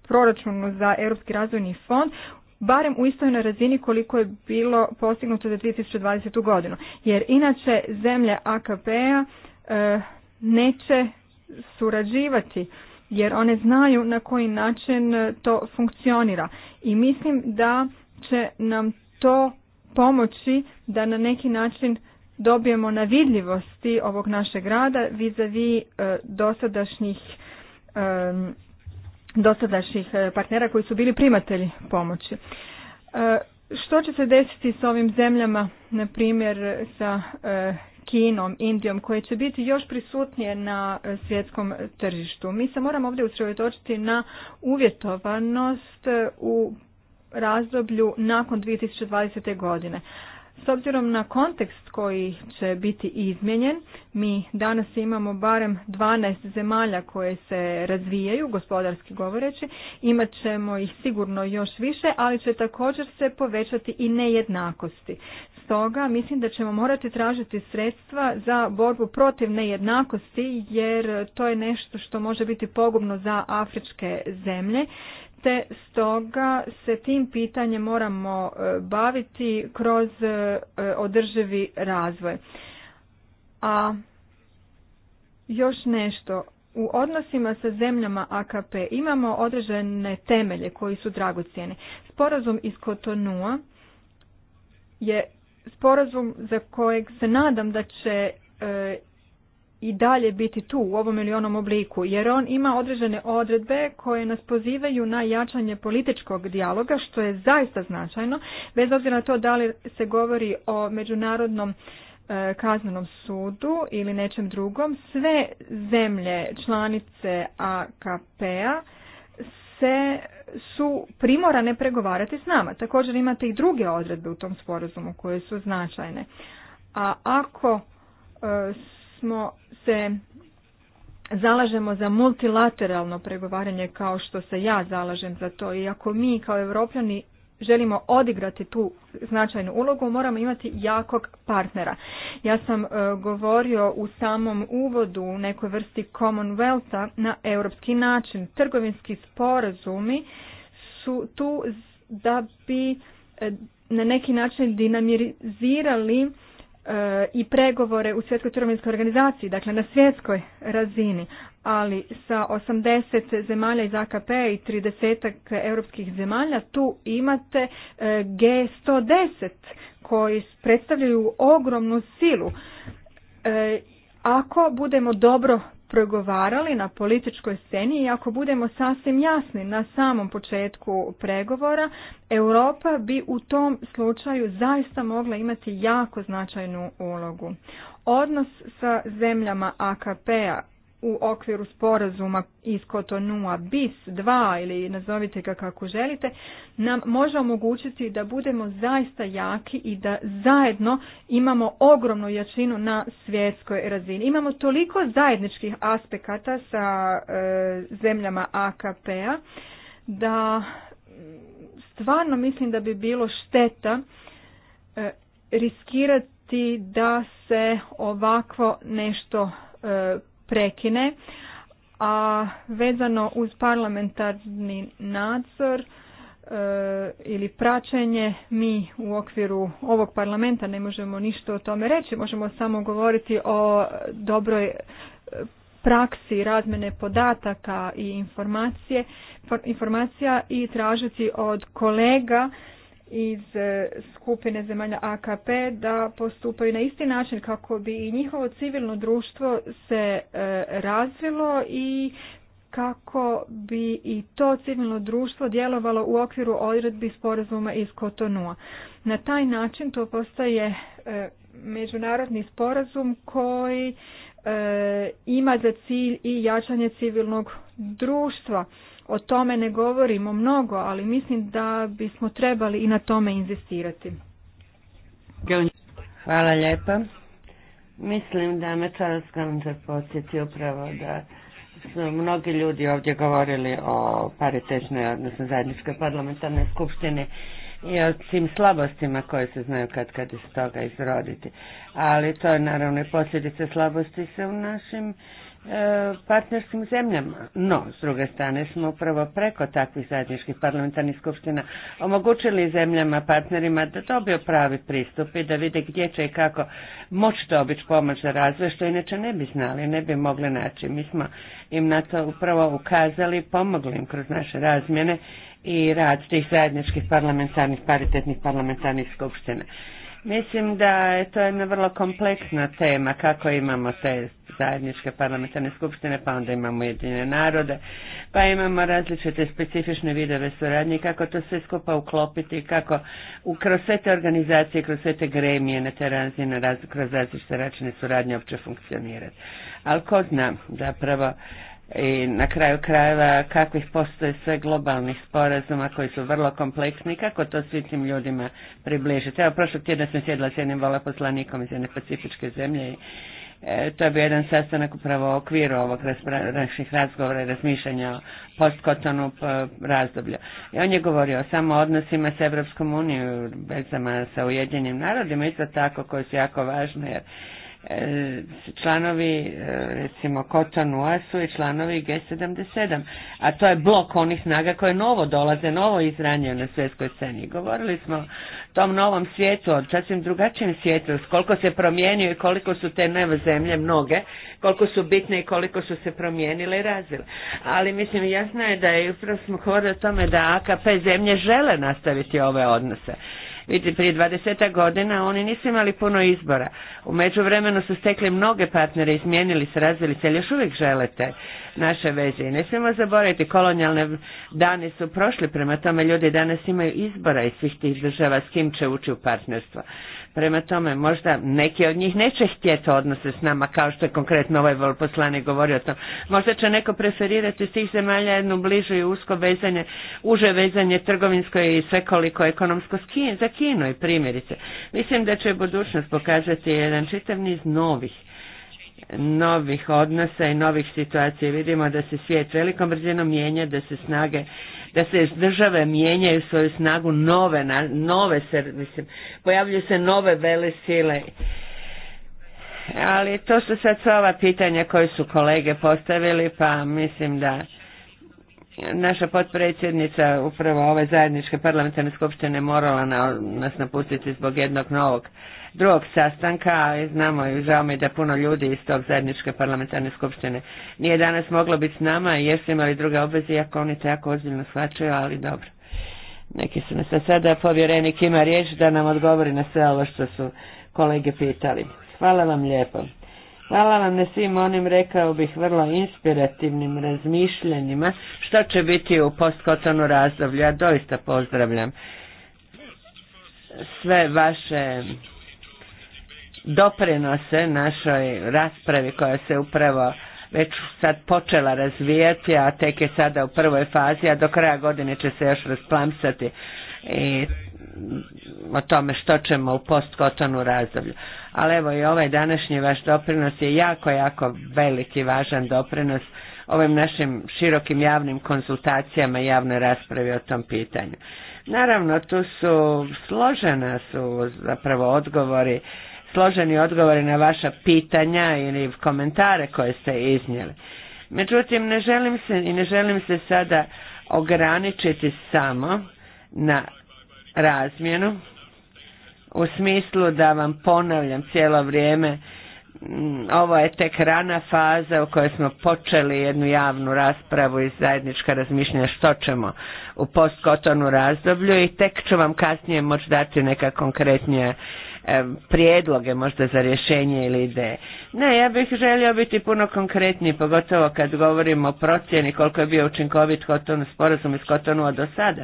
proračunu za Europski razvojni fond barem u istoj na razini koliko je bilo postignuto za 2020. godinu. Jer inače zemlje AKP-a e, neće surađivati jer one znaju na koji način e, to funkcionira. I mislim da će nam to pomoći da na neki način dobijemo na vidljivosti ovog našeg rada vis a vis e, dosadašnjih dosadašnjih e, partnera koji su bili primatelji pomoći. E, što će se desiti s ovim zemljama, na primjer sa e, Kinom, Indijom, koje će biti još prisutnije na svjetskom tržištu? Mi se moramo ovdje usredotočiti na uvjetovanost u razdoblju nakon 2020. godine. S obzirom na kontekst koji će biti izmjenjen, mi danas imamo barem 12 zemalja koje se razvijaju, gospodarski govoreći, imat ćemo ih sigurno još više, ali će također se povećati i nejednakosti. Stoga mislim da ćemo morati tražiti sredstva za borbu protiv nejednakosti, jer to je nešto što može biti pogubno za afričke zemlje te stoga se tim pitanjem moramo e, baviti kroz e, održivi razvoj. A još nešto, u odnosima sa zemljama AKP imamo određene temelje koji su dragocjeni. Sporazum iz Kotonua je sporazum za kojeg se nadam da će e, i dalje biti tu u ovom ili onom obliku, jer on ima određene odredbe koje nas pozivaju na jačanje političkog dijaloga, što je zaista značajno, bez obzira na to da li se govori o međunarodnom e, kaznenom sudu ili nečem drugom, sve zemlje članice AKP-a se su primorane pregovarati s nama. Također imate i druge odredbe u tom sporazumu koje su značajne. A ako e, smo se zalažemo za multilateralno pregovaranje kao što se ja zalažem za to i ako mi kao europljani želimo odigrati tu značajnu ulogu, moramo imati jakog partnera. Ja sam e, govorio u samom uvodu u nekoj vrsti Commonwealtha na europski način. Trgovinski sporazumi su tu da bi e, na neki način dinamizirali E, i pregovore u Svjetskoj trgovinskoj organizaciji, dakle na svjetskoj razini, ali sa 80 zemalja iz AKP i 30 europskih zemalja tu imate e, G110 koji predstavljaju ogromnu silu. E, ako budemo dobro pregovarali na političkoj sceni i ako budemo sasvim jasni na samom početku pregovora, Europa bi u tom slučaju zaista mogla imati jako značajnu ulogu. Odnos sa zemljama AKP-a u okviru sporazuma iz Kotonua BIS 2 ili nazovite ga kako želite, nam može omogućiti da budemo zaista jaki i da zajedno imamo ogromnu jačinu na svjetskoj razini. Imamo toliko zajedničkih aspekata sa e, zemljama AKP-a da stvarno mislim da bi bilo šteta e, riskirati da se ovakvo nešto e, prekine, a vezano uz parlamentarni nadzor e, ili praćenje mi u okviru ovog parlamenta ne možemo ništa o tome reći, možemo samo govoriti o dobroj e, praksi razmene podataka i informacije, informacija i tražiti od kolega iz e, skupine zemalja AKP da postupaju na isti način kako bi i njihovo civilno društvo se e, razvilo i kako bi i to civilno društvo djelovalo u okviru odredbi sporazuma iz Kotonua. Na taj način to postaje e, međunarodni sporazum koji ima za cilj i jačanje civilnog društva o tome ne govorimo mnogo, ali mislim da bismo trebali i na tome inzistirati. Hvala lijepa. Mislim da me Charles se posjeti upravo da su mnogi ljudi ovdje govorili o paritečnoj, odnosno zajedničkoj parlamentarnoj skupštini i o tim slabostima koje se znaju kad kad iz toga izroditi. Ali to je naravno i posljedice slabosti se u našim E, partnerskim zemljama. No, s druge strane smo upravo preko takvih zajedničkih parlamentarnih skupština omogućili zemljama, partnerima da dobiju pravi pristup i da vide gdje će i kako moći dobiti pomoć za razvoj, što inače ne bi znali, ne bi mogli naći. Mi smo im na to upravo ukazali, pomogli im kroz naše razmjene i rad tih zajedničkih parlamentarnih, paritetnih parlamentarnih skupština. Mislim da je to jedna vrlo kompleksna tema kako imamo te zajedničke parlamentarne skupštine, pa onda imamo jedine narode, pa imamo različite specifične vidove suradnje, kako to sve skupa uklopiti, kako kroz sve te organizacije, kroz sve te gremije na te razine, kroz različite račine suradnje uopće funkcionirati. Ali ko zna zapravo i na kraju krajeva kakvih postoje sve globalnih sporazuma koji su vrlo kompleksni, kako to svi tim ljudima približiti. Evo, prošlog tjedna sam sjedila s jednim veleposlanikom iz jedne pacifičke zemlje i e, to je bio jedan sastanak upravo u okviru ovog naših razgovora i razmišljanja o postkotonu e, razdoblju. I on je govorio o samo odnosima s Evropskom unijom, vezama sa Ujedinjenim narodima, isto tako koje su jako važne jer E, članovi e, recimo Kotonua su i članovi G77, a to je blok onih snaga koje novo dolaze, novo izranjaju na svjetskoj sceni. Govorili smo o tom novom svijetu, o sasvim drugačijem svijetu, koliko se promijenio i koliko su te nove zemlje mnoge, koliko su bitne i koliko su se promijenile i razvile. Ali mislim jasno je da je upravo smo govorili o tome da AKP zemlje žele nastaviti ove odnose Vidite, prije 20 godina oni nisu imali puno izbora. U vremenu su stekli mnoge partnere, izmijenili se, razvili se, ali još uvijek želite naše veze. I ne smijemo zaboraviti, kolonijalne dane su prošli, prema tome ljudi danas imaju izbora iz svih tih država s kim će ući u partnerstvo. Prema tome, možda neki od njih neće htjeti odnose s nama, kao što je konkretno ovaj volposlani govorio o tom. Možda će neko preferirati s tih zemalja jednu bližu i usko vezanje, uže vezanje trgovinsko i svekoliko ekonomsko skin, za Kino i primjerice. Mislim da će budućnost pokazati jedan čitav niz novih novih odnosa i novih situacija. Vidimo da se svijet velikom brzinom mijenja, da se snage da se države mijenjaju svoju snagu nove, nove se, mislim, pojavljuju se nove vele sile. Ali to su sad sva ova pitanja koje su kolege postavili, pa mislim da naša potpredsjednica upravo ove zajedničke parlamentarne skupštine morala nas napustiti zbog jednog novog drugog sastanka, znamo i žao mi da puno ljudi iz tog zajedničke parlamentarne skupštine nije danas moglo biti s nama jesu imali druge obveze, iako oni to jako ozbiljno shvaćaju, ali dobro. Neki su nas sada, povjerenik ima riječ da nam odgovori na sve ovo što su kolege pitali. Hvala vam lijepo. Hvala vam na svim onim, rekao bih, vrlo inspirativnim razmišljenjima što će biti u postkotonu razdoblju. Ja doista pozdravljam sve vaše doprinose našoj raspravi koja se upravo već sad počela razvijati, a tek je sada u prvoj fazi, a do kraja godine će se još rasplamsati i o tome što ćemo u postkotonu razdoblju. Ali evo i ovaj današnji vaš doprinos je jako, jako veliki, važan doprinos ovim našim širokim javnim konzultacijama i javnoj raspravi o tom pitanju. Naravno, tu su složena su zapravo odgovori složeni odgovori na vaša pitanja ili komentare koje ste iznijeli. Međutim, ne želim se i ne želim se sada ograničiti samo na razmjenu u smislu da vam ponavljam cijelo vrijeme mm, ovo je tek rana faza u kojoj smo počeli jednu javnu raspravu i zajednička razmišljanja što ćemo u postkotonu razdoblju i tek ću vam kasnije moći dati neka konkretnija E, prijedloge možda za rješenje ili ideje. Ne, ja bih želio biti puno konkretniji, pogotovo kad govorimo o procjeni koliko je bio učinkovit Koton, sporazum iz Kotonu do sada.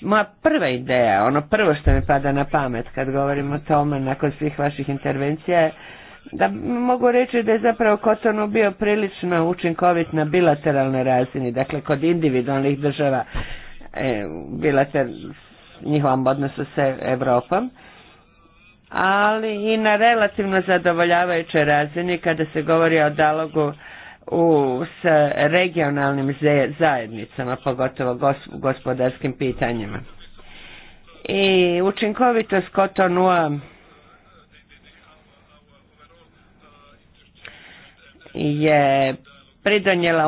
Moja prva ideja, ono prvo što mi pada na pamet kad govorim o tome nakon svih vaših intervencija je da mogu reći da je zapravo Kotonu bio prilično učinkovit na bilateralnoj razini, dakle kod individualnih država e, bilateral, njihovom odnosu sa Europom ali i na relativno zadovoljavajućoj razini kada se govori o dialogu u, s regionalnim zajednicama, pogotovo gos, gospodarskim pitanjima. I učinkovitost Kotonua je pridonjela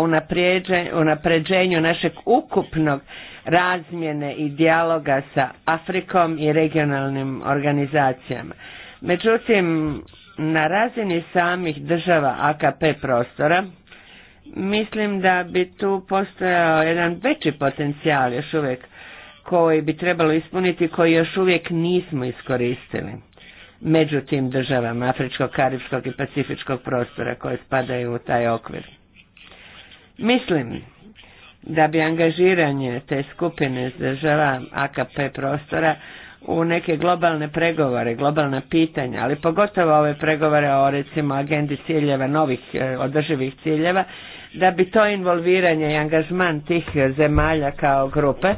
unapređenju našeg ukupnog razmjene i dijaloga sa Afrikom i regionalnim organizacijama. Međutim, na razini samih država AKP prostora, mislim da bi tu postojao jedan veći potencijal još uvijek koji bi trebalo ispuniti, koji još uvijek nismo iskoristili među tim državama Afričkog, Karibskog i Pacifičkog prostora koje spadaju u taj okvir. Mislim da bi angažiranje te skupine država AKP prostora u neke globalne pregovore, globalna pitanja, ali pogotovo ove pregovore o recimo agendi ciljeva, novih e, održivih ciljeva, da bi to involviranje i angažman tih zemalja kao grupe e,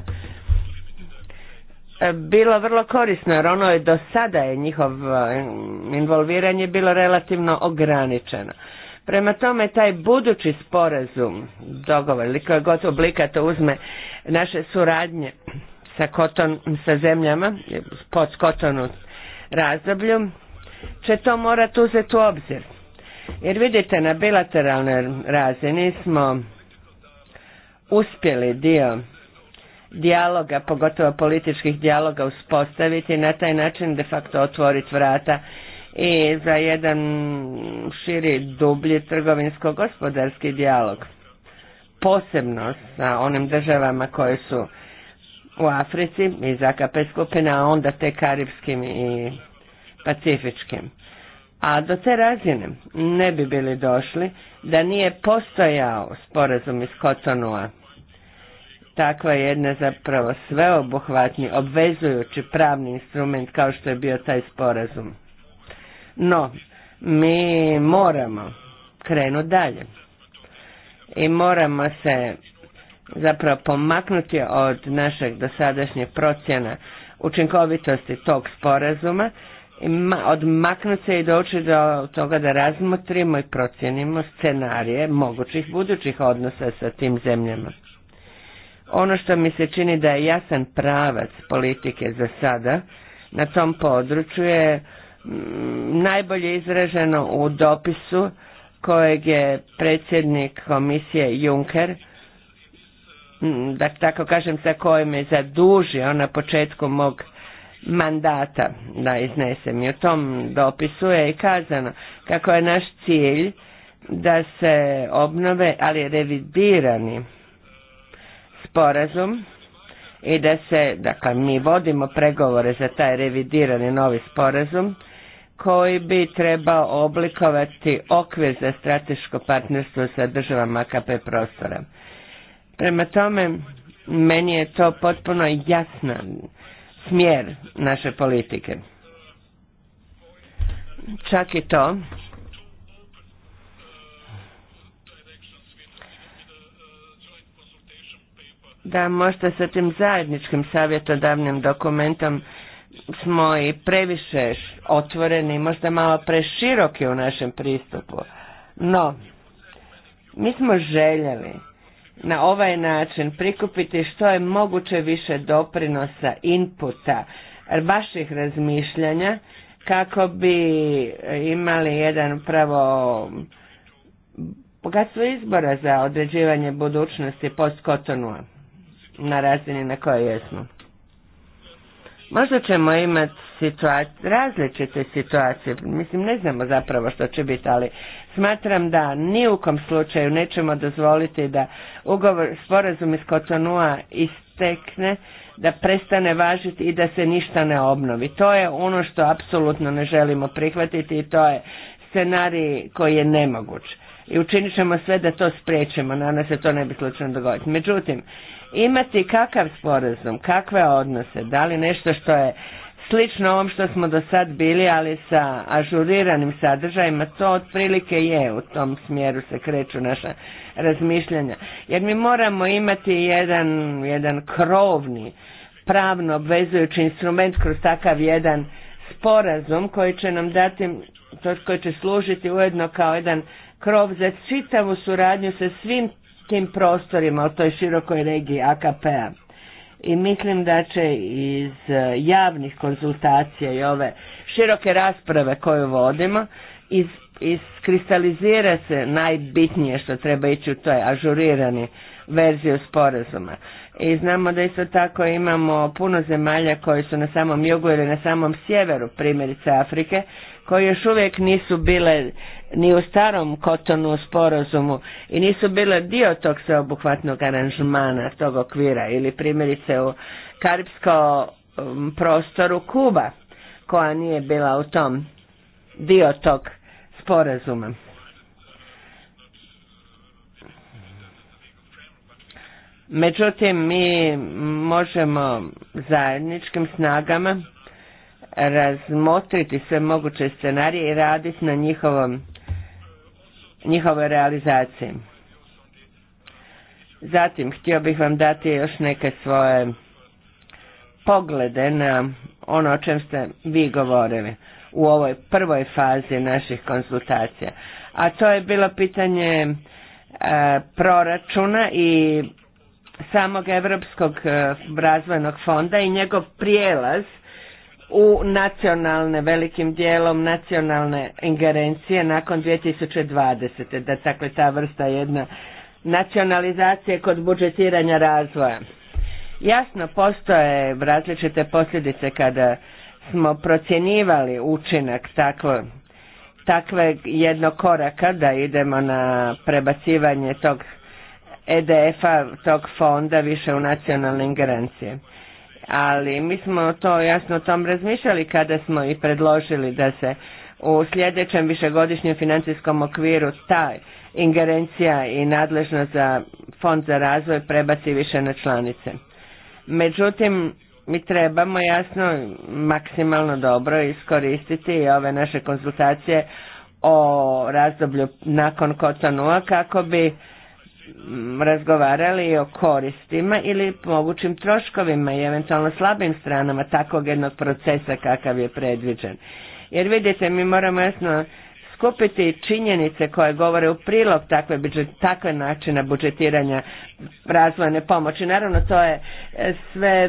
bilo vrlo korisno jer ono je do sada je njihov e, involviranje bilo relativno ograničeno. Prema tome, taj budući sporazum, dogovor ili koje god oblika to uzme naše suradnje sa, koton, zemljama, pod kotonu razdoblju, će to morati uzeti u obzir. Jer vidite, na bilateralnoj razini smo uspjeli dio dijaloga, pogotovo političkih dijaloga uspostaviti na taj način de facto otvoriti vrata i za jedan širi, dublji trgovinsko-gospodarski dijalog. Posebno sa onim državama koje su u Africi i AKP skupina, a onda te karibskim i pacifičkim. A do te razine ne bi bili došli da nije postojao sporazum iz Kotonua. Takva je jedna zapravo sveobuhvatni, obvezujući pravni instrument kao što je bio taj sporazum. No, mi moramo krenuti dalje i moramo se zapravo pomaknuti od našeg dosadašnjeg procjena učinkovitosti tog sporazuma, i odmaknuti se i doći do toga da razmotrimo i procjenimo scenarije mogućih budućih odnosa sa tim zemljama. Ono što mi se čini da je jasan pravac politike za sada na tom području je najbolje izraženo u dopisu kojeg je predsjednik komisije Juncker, da tako kažem sa kojim je zadužio na početku mog mandata da iznesem. I u tom dopisu je i kazano kako je naš cilj da se obnove, ali revidirani sporazum i da se, dakle mi vodimo pregovore za taj revidirani novi sporazum koji bi trebao oblikovati okvir za strateško partnerstvo sa državama AKP prostora. Prema tome, meni je to potpuno jasna smjer naše politike. Čak i to da možda sa tim zajedničkim savjetodavnim dokumentom smo i previše otvoreni, možda malo preširoki u našem pristupu. No, mi smo željeli na ovaj način prikupiti što je moguće više doprinosa, inputa, vaših razmišljanja kako bi imali jedan pravo bogatstvo izbora za određivanje budućnosti post Kotonua na razini na kojoj jesmo. Možda ćemo imati situacije, različite situacije, mislim ne znamo zapravo što će biti, ali smatram da ni u kom slučaju nećemo dozvoliti da ugovor, sporazum iz Kotonua istekne, da prestane važiti i da se ništa ne obnovi. To je ono što apsolutno ne želimo prihvatiti i to je scenarij koji je nemoguć i učinit ćemo sve da to spriječimo, nas se to ne bi slučajno dogoditi. Međutim, imati kakav sporazum, kakve odnose, da li nešto što je slično ovom što smo do sad bili, ali sa ažuriranim sadržajima, to otprilike je, u tom smjeru se kreću naša razmišljanja. Jer mi moramo imati jedan, jedan krovni, pravno obvezujući instrument kroz takav jedan sporazum koji će nam dati, to koji će služiti ujedno kao jedan krov za čitavu suradnju sa svim tim prostorima, u toj širokoj regiji AKP-a. I mislim da će iz e, javnih konzultacija i ove široke rasprave koju vodimo, iz, iskristalizira se najbitnije što treba ići u toj ažurirani verziju sporazuma. I znamo da isto tako imamo puno zemalja koje su na samom jugu ili na samom sjeveru, primjerice Afrike, koje još uvijek nisu bile ni u starom kotonu sporazumu i nisu bile dio tog sveobuhvatnog aranžmana, tog okvira ili primjerice u karipskom um, prostoru Kuba koja nije bila u tom dio tog sporazuma. Međutim, mi možemo zajedničkim snagama razmotriti sve moguće scenarije i raditi na njihovom, njihovoj realizaciji. Zatim, htio bih vam dati još neke svoje poglede na ono o čem ste vi govorili u ovoj prvoj fazi naših konsultacija. A to je bilo pitanje e, proračuna i samog Europskog e, razvojnog fonda i njegov prijelaz u nacionalne, velikim dijelom nacionalne ingerencije nakon 2020. Da dakle ta vrsta jedna nacionalizacije kod budžetiranja razvoja. Jasno postoje različite posljedice kada smo procjenjivali učinak takvog takve jednog koraka da idemo na prebacivanje tog EDF-a, tog fonda više u nacionalne ingerencije ali mi smo to jasno o tom razmišljali kada smo i predložili da se u sljedećem višegodišnjem financijskom okviru ta ingerencija i nadležnost za fond za razvoj prebaci više na članice. Međutim, mi trebamo jasno maksimalno dobro iskoristiti i ove naše konzultacije o razdoblju nakon Kotonua kako bi razgovarali o koristima ili mogućim troškovima i eventualno slabim stranama takvog jednog procesa kakav je predviđen. Jer vidite, mi moramo jasno skupiti činjenice koje govore u prilog takve, takve načina budžetiranja razvojne pomoći. Naravno, to je e, sve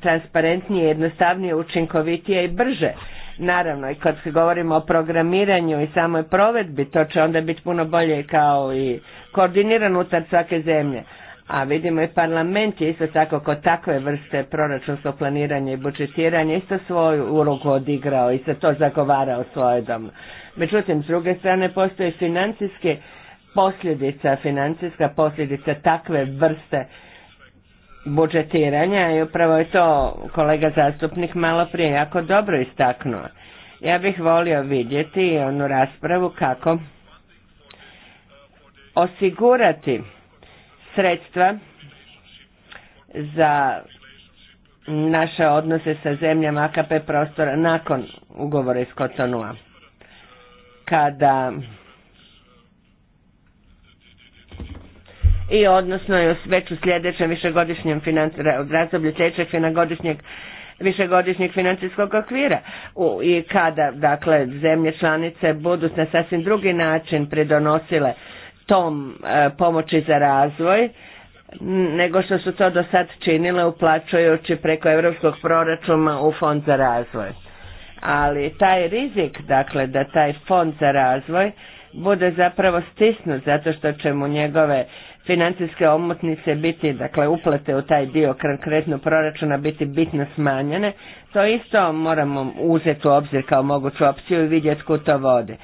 transparentnije, jednostavnije, učinkovitije i brže. Naravno, i kad govorimo o programiranju i samoj provedbi, to će onda biti puno bolje kao i koordiniran unutar svake zemlje. A vidimo i parlament je isto tako kod takve vrste proračunskog planiranja i budžetiranja isto svoju ulogu odigrao i se to zagovarao domno. Međutim, s druge strane postoje financijske posljedica, financijska posljedica takve vrste budžetiranja i upravo je to kolega zastupnik malo prije jako dobro istaknuo. Ja bih volio vidjeti onu raspravu kako osigurati sredstva za naše odnose sa zemljama AKP prostora nakon ugovora iz Kotonua. Kada i odnosno već u sljedećem višegodišnjem razdoblju sljedećeg višegodišnjeg financijskog okvira i kada dakle zemlje članice budu na sasvim drugi način pridonosile tom e, pomoći za razvoj nego što su to do sad činile uplaćujući preko europskog proračuna u fond za razvoj. Ali taj rizik, dakle, da taj fond za razvoj bude zapravo stisnut zato što će mu njegove financijske omotnice biti, dakle uplate u taj dio konkretno proračuna biti bitno smanjene, to isto moramo uzeti u obzir kao moguću opciju i vidjeti kud to vodi.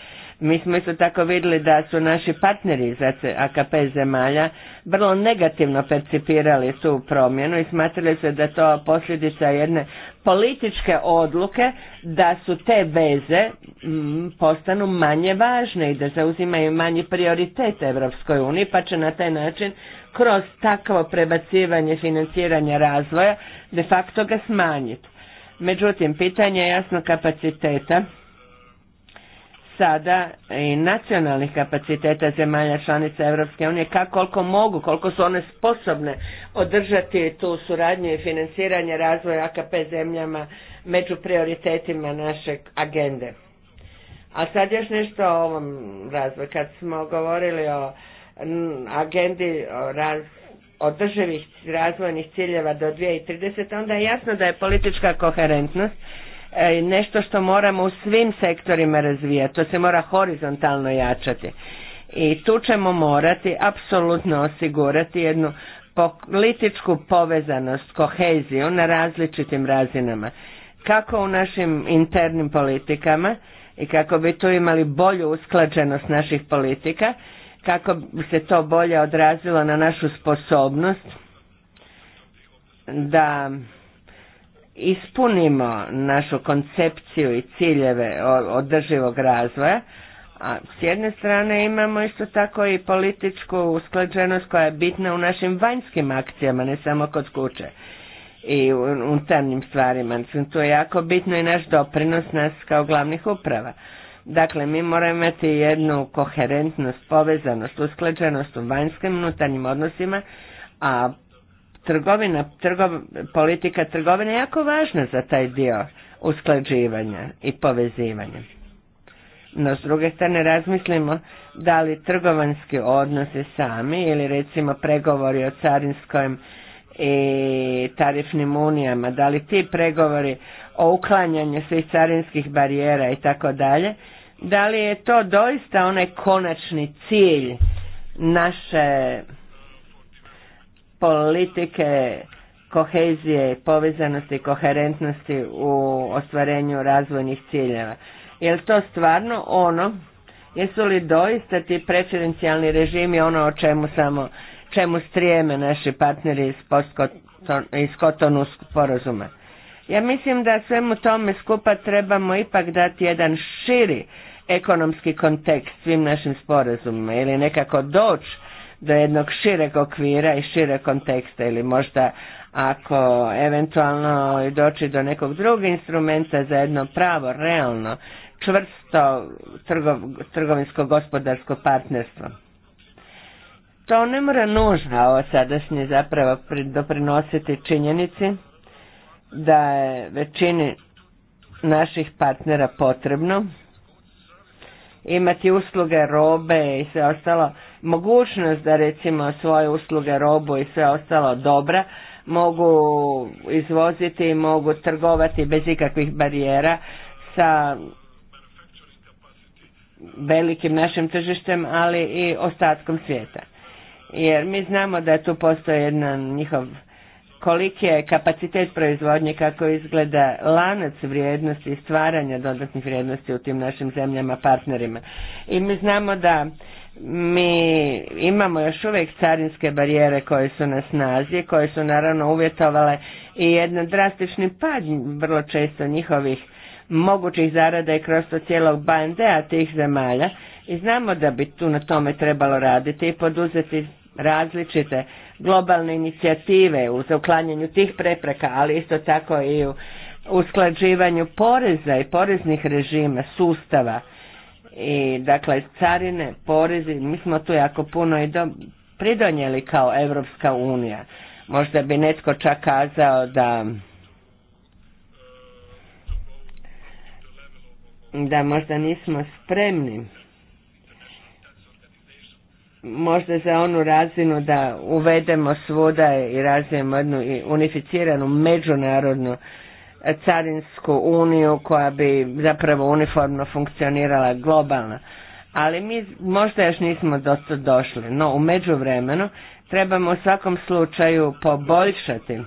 Mi smo isto tako vidjeli da su naši partneri iz AKP zemalja vrlo negativno percipirali tu promjenu i smatrali se da to posljedica jedne političke odluke da su te veze mm, postanu manje važne i da zauzimaju manji prioritet Evropskoj uniji pa će na taj način kroz takvo prebacivanje financiranja razvoja de facto ga smanjiti. Međutim, pitanje je jasno kapaciteta sada i nacionalnih kapaciteta zemalja članica Europske unije, koliko mogu, koliko su one sposobne održati tu suradnju i financiranje razvoja AKP zemljama među prioritetima naše agende. A sad još nešto o ovom razvoju. Kad smo govorili o agendi o raz, održivih razvojnih ciljeva do 2030, onda je jasno da je politička koherentnost E, nešto što moramo u svim sektorima razvijati, to se mora horizontalno jačati. I tu ćemo morati apsolutno osigurati jednu političku povezanost, koheziju na različitim razinama. Kako u našim internim politikama i kako bi tu imali bolju usklađenost naših politika, kako bi se to bolje odrazilo na našu sposobnost da ispunimo našu koncepciju i ciljeve održivog razvoja, a s jedne strane imamo isto tako i političku usklađenost koja je bitna u našim vanjskim akcijama, ne samo kod kuće i unutarnjim stvarima. To je jako bitno i naš doprinos nas kao glavnih uprava. Dakle, mi moramo imati jednu koherentnost, povezanost, usklađenost u vanjskim unutarnjim odnosima, a trgovina, politika trgovine je jako važna za taj dio usklađivanja i povezivanja. No, s druge strane, razmislimo da li trgovanski odnose sami ili recimo pregovori o carinskom i tarifnim unijama, da li ti pregovori o uklanjanju svih carinskih barijera i tako dalje, da li je to doista onaj konačni cilj naše politike kohezije, povezanosti i koherentnosti u ostvarenju razvojnih ciljeva. Je li to stvarno ono, jesu li doista ti preferencijalni režimi ono o čemu samo, čemu strijeme naši partneri iz, iz Kotonu sporazuma? Ja mislim da svemu tome skupa trebamo ipak dati jedan širi ekonomski kontekst svim našim sporazumima ili nekako doći do jednog šireg okvira i šireg konteksta ili možda ako eventualno doći do nekog drugog instrumenta za jedno pravo, realno, čvrsto trgov, trgovinsko-gospodarsko partnerstvo. To ne mora nužno ovo sadašnje zapravo doprinositi činjenici da je većini naših partnera potrebno imati usluge, robe i sve ostalo mogućnost da recimo svoje usluge, robu i sve ostalo dobra mogu izvoziti i mogu trgovati bez ikakvih barijera sa velikim našim tržištem, ali i ostatkom svijeta. Jer mi znamo da tu postoji jedan njihov koliki je kapacitet proizvodnje, kako izgleda lanac vrijednosti i stvaranja dodatnih vrijednosti u tim našim zemljama partnerima. I mi znamo da mi imamo još uvijek carinske barijere koje su na snazi, koje su naravno uvjetovale i jedan drastični pad vrlo često njihovih mogućih zarada i kroz to cijelog BND-a tih zemalja i znamo da bi tu na tome trebalo raditi i poduzeti različite globalne inicijative u uklanjanju tih prepreka, ali isto tako i u usklađivanju poreza i poreznih režima, sustava i dakle, carine, porezi, mi smo tu jako puno i do, pridonijeli kao Evropska unija. Možda bi netko čak kazao da da možda nismo spremni možda za onu razinu da uvedemo svuda i razvijemo jednu unificiranu međunarodnu carinsku uniju koja bi zapravo uniformno funkcionirala globalno. Ali mi možda još nismo dosta došli, no u međuvremenu trebamo u svakom slučaju poboljšati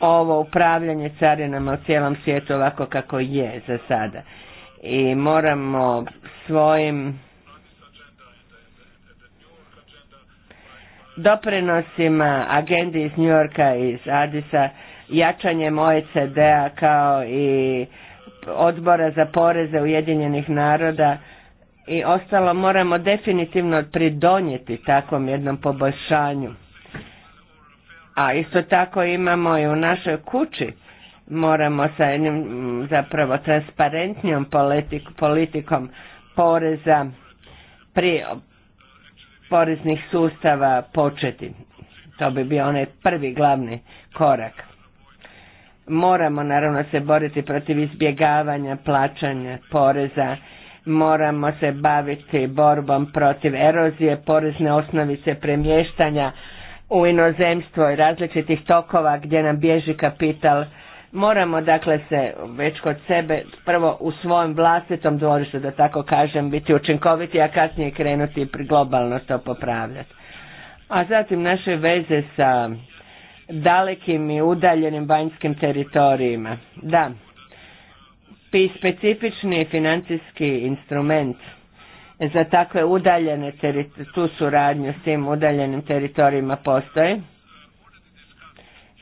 ovo upravljanje carinama u cijelom svijetu ovako kako je za sada. I moramo svojim doprinosima agendi iz Yorka i iz Adisa jačanjem OECD-a kao i odbora za poreze Ujedinjenih naroda i ostalo moramo definitivno pridonijeti takvom jednom poboljšanju. A isto tako imamo i u našoj kući moramo sa jednim zapravo transparentnijom politikom poreza pri poreznih sustava početi. To bi bio onaj prvi glavni korak moramo naravno se boriti protiv izbjegavanja plaćanja poreza, moramo se baviti borbom protiv erozije, porezne osnovice, premještanja u inozemstvo i različitih tokova gdje nam bježi kapital. Moramo dakle se već kod sebe prvo u svojem vlastitom dvorištu da tako kažem biti učinkoviti, a kasnije krenuti globalno to popravljati. A zatim naše veze sa dalekim i udaljenim vanjskim teritorijima. Da, Pi specifični financijski instrument za takve udaljene tu suradnju s tim udaljenim teritorijima postoji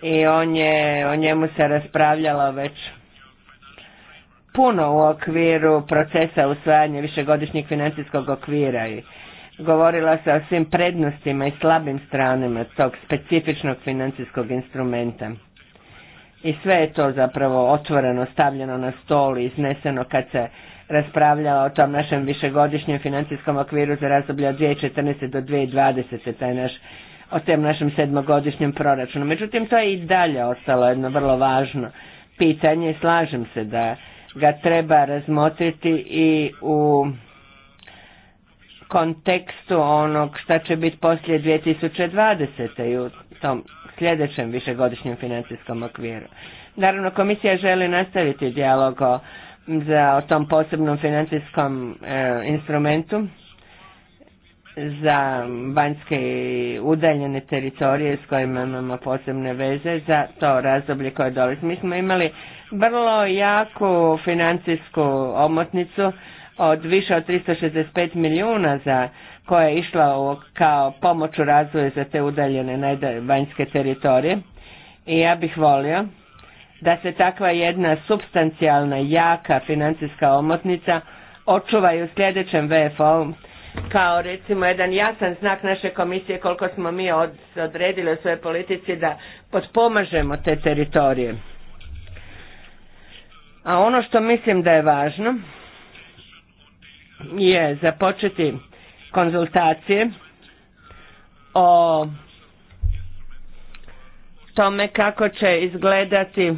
i on je, o njemu se raspravljalo već puno u okviru procesa usvajanja višegodišnjeg financijskog okvira i govorila o svim prednostima i slabim stranima tog specifičnog financijskog instrumenta. I sve je to zapravo otvoreno, stavljeno na stol i izneseno kad se raspravljalo o tom našem višegodišnjem financijskom okviru za razdoblje od 2014. do 2020. taj naš o tem našem sedmogodišnjem proračunu. Međutim, to je i dalje ostalo jedno vrlo važno pitanje. Slažem se da ga treba razmotriti i u kontekstu onog šta će biti poslije 2020. i u tom sljedećem višegodišnjem financijskom okviru. Naravno, komisija želi nastaviti dijalog o, za, tom posebnom financijskom e, instrumentu za vanjske i udaljene teritorije s kojima imamo posebne veze za to razdoblje koje dolazi. Mi smo imali vrlo jaku financijsku omotnicu od više od 365 milijuna za koja je išla kao pomoć u razvoju za te udaljene vanjske teritorije. I ja bih volio da se takva jedna substancijalna, jaka financijska omotnica očuva i u sljedećem VFO-u kao recimo jedan jasan znak naše komisije koliko smo mi od, odredili u svojoj politici da potpomažemo te teritorije. A ono što mislim da je važno je započeti konzultacije o tome kako će izgledati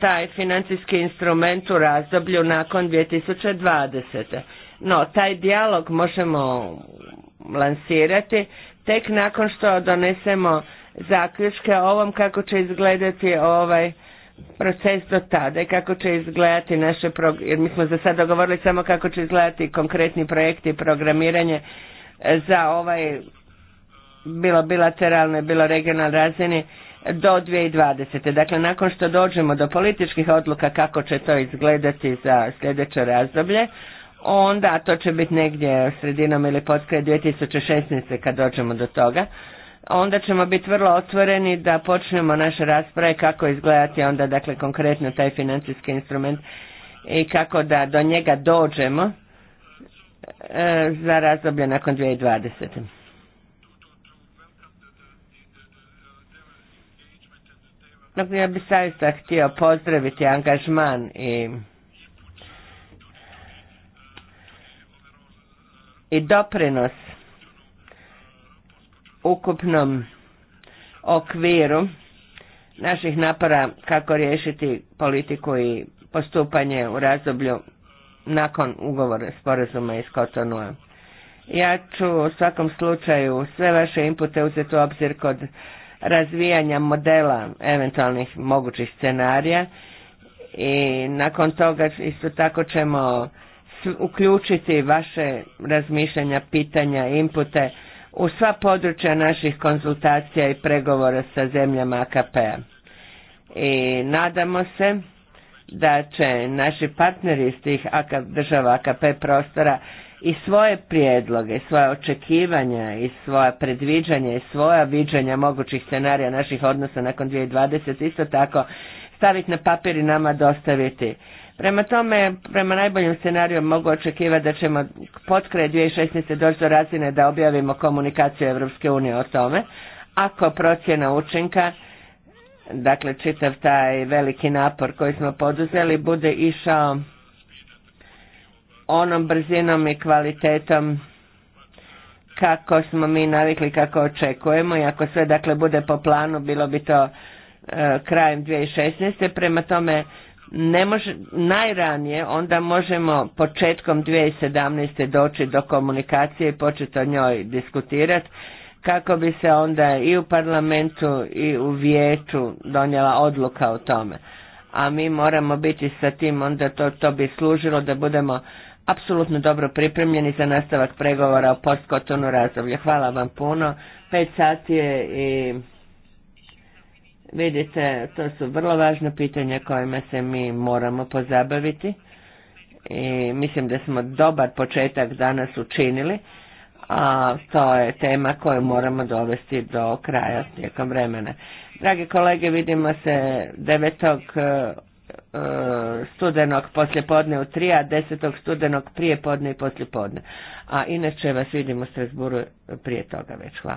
taj financijski instrument u razdoblju nakon 2020. No, taj dijalog možemo lansirati tek nakon što donesemo zaključke o ovom kako će izgledati ovaj proces do tada i kako će izgledati naše, jer mi smo za sada govorili samo kako će izgledati konkretni projekti i programiranje e, za ovaj bilo bilateralne, bilo regionalne razini do 2020. Dakle, nakon što dođemo do političkih odluka kako će to izgledati za sljedeće razdoblje, onda, to će biti negdje sredinom ili potkraj 2016. kad dođemo do toga, onda ćemo biti vrlo otvoreni da počnemo naše rasprave kako izgledati onda dakle konkretno taj financijski instrument i kako da do njega dođemo e, za razdoblje nakon 2020. Dakle, ja bih saista htio pozdraviti angažman i i doprinos ukupnom okviru naših napora kako riješiti politiku i postupanje u razdoblju nakon ugovora sporazuma iz Kotonua. Ja ću u svakom slučaju sve vaše inpute uzeti u obzir kod razvijanja modela eventualnih mogućih scenarija i nakon toga isto tako ćemo uključiti vaše razmišljanja, pitanja, inpute u sva područja naših konzultacija i pregovora sa zemljama AKP-a. I nadamo se da će naši partneri iz tih država AKP prostora i svoje prijedloge, svoje očekivanja i svoja predviđanja i svoja viđanja mogućih scenarija naših odnosa nakon 2020 isto tako staviti na papir i nama dostaviti. Prema tome, prema najboljim scenariju mogu očekivati da ćemo potkraj 2016. doći do razine da objavimo komunikaciju Europske unije o tome. Ako procjena učinka, dakle čitav taj veliki napor koji smo poduzeli, bude išao onom brzinom i kvalitetom kako smo mi navikli, kako očekujemo i ako sve dakle bude po planu, bilo bi to e, krajem 2016. Prema tome, ne može, najranije onda možemo početkom 2017. doći do komunikacije i početi o njoj diskutirati kako bi se onda i u parlamentu i u vijeću donijela odluka o tome. A mi moramo biti sa tim, onda to, to bi služilo da budemo apsolutno dobro pripremljeni za nastavak pregovora o postkotonu razdoblje. Hvala vam puno. Pet sati je i Vidite, to su vrlo važna pitanja kojima se mi moramo pozabaviti i mislim da smo dobar početak danas učinili, a to je tema koju moramo dovesti do kraja tijekom vremena. Dragi kolege, vidimo se 9. E, e, studenog poslijepodne u 3, a 10. studenog prije podne i poslijepodne. A inače vas vidimo u Strasburu prije toga već. Hvala.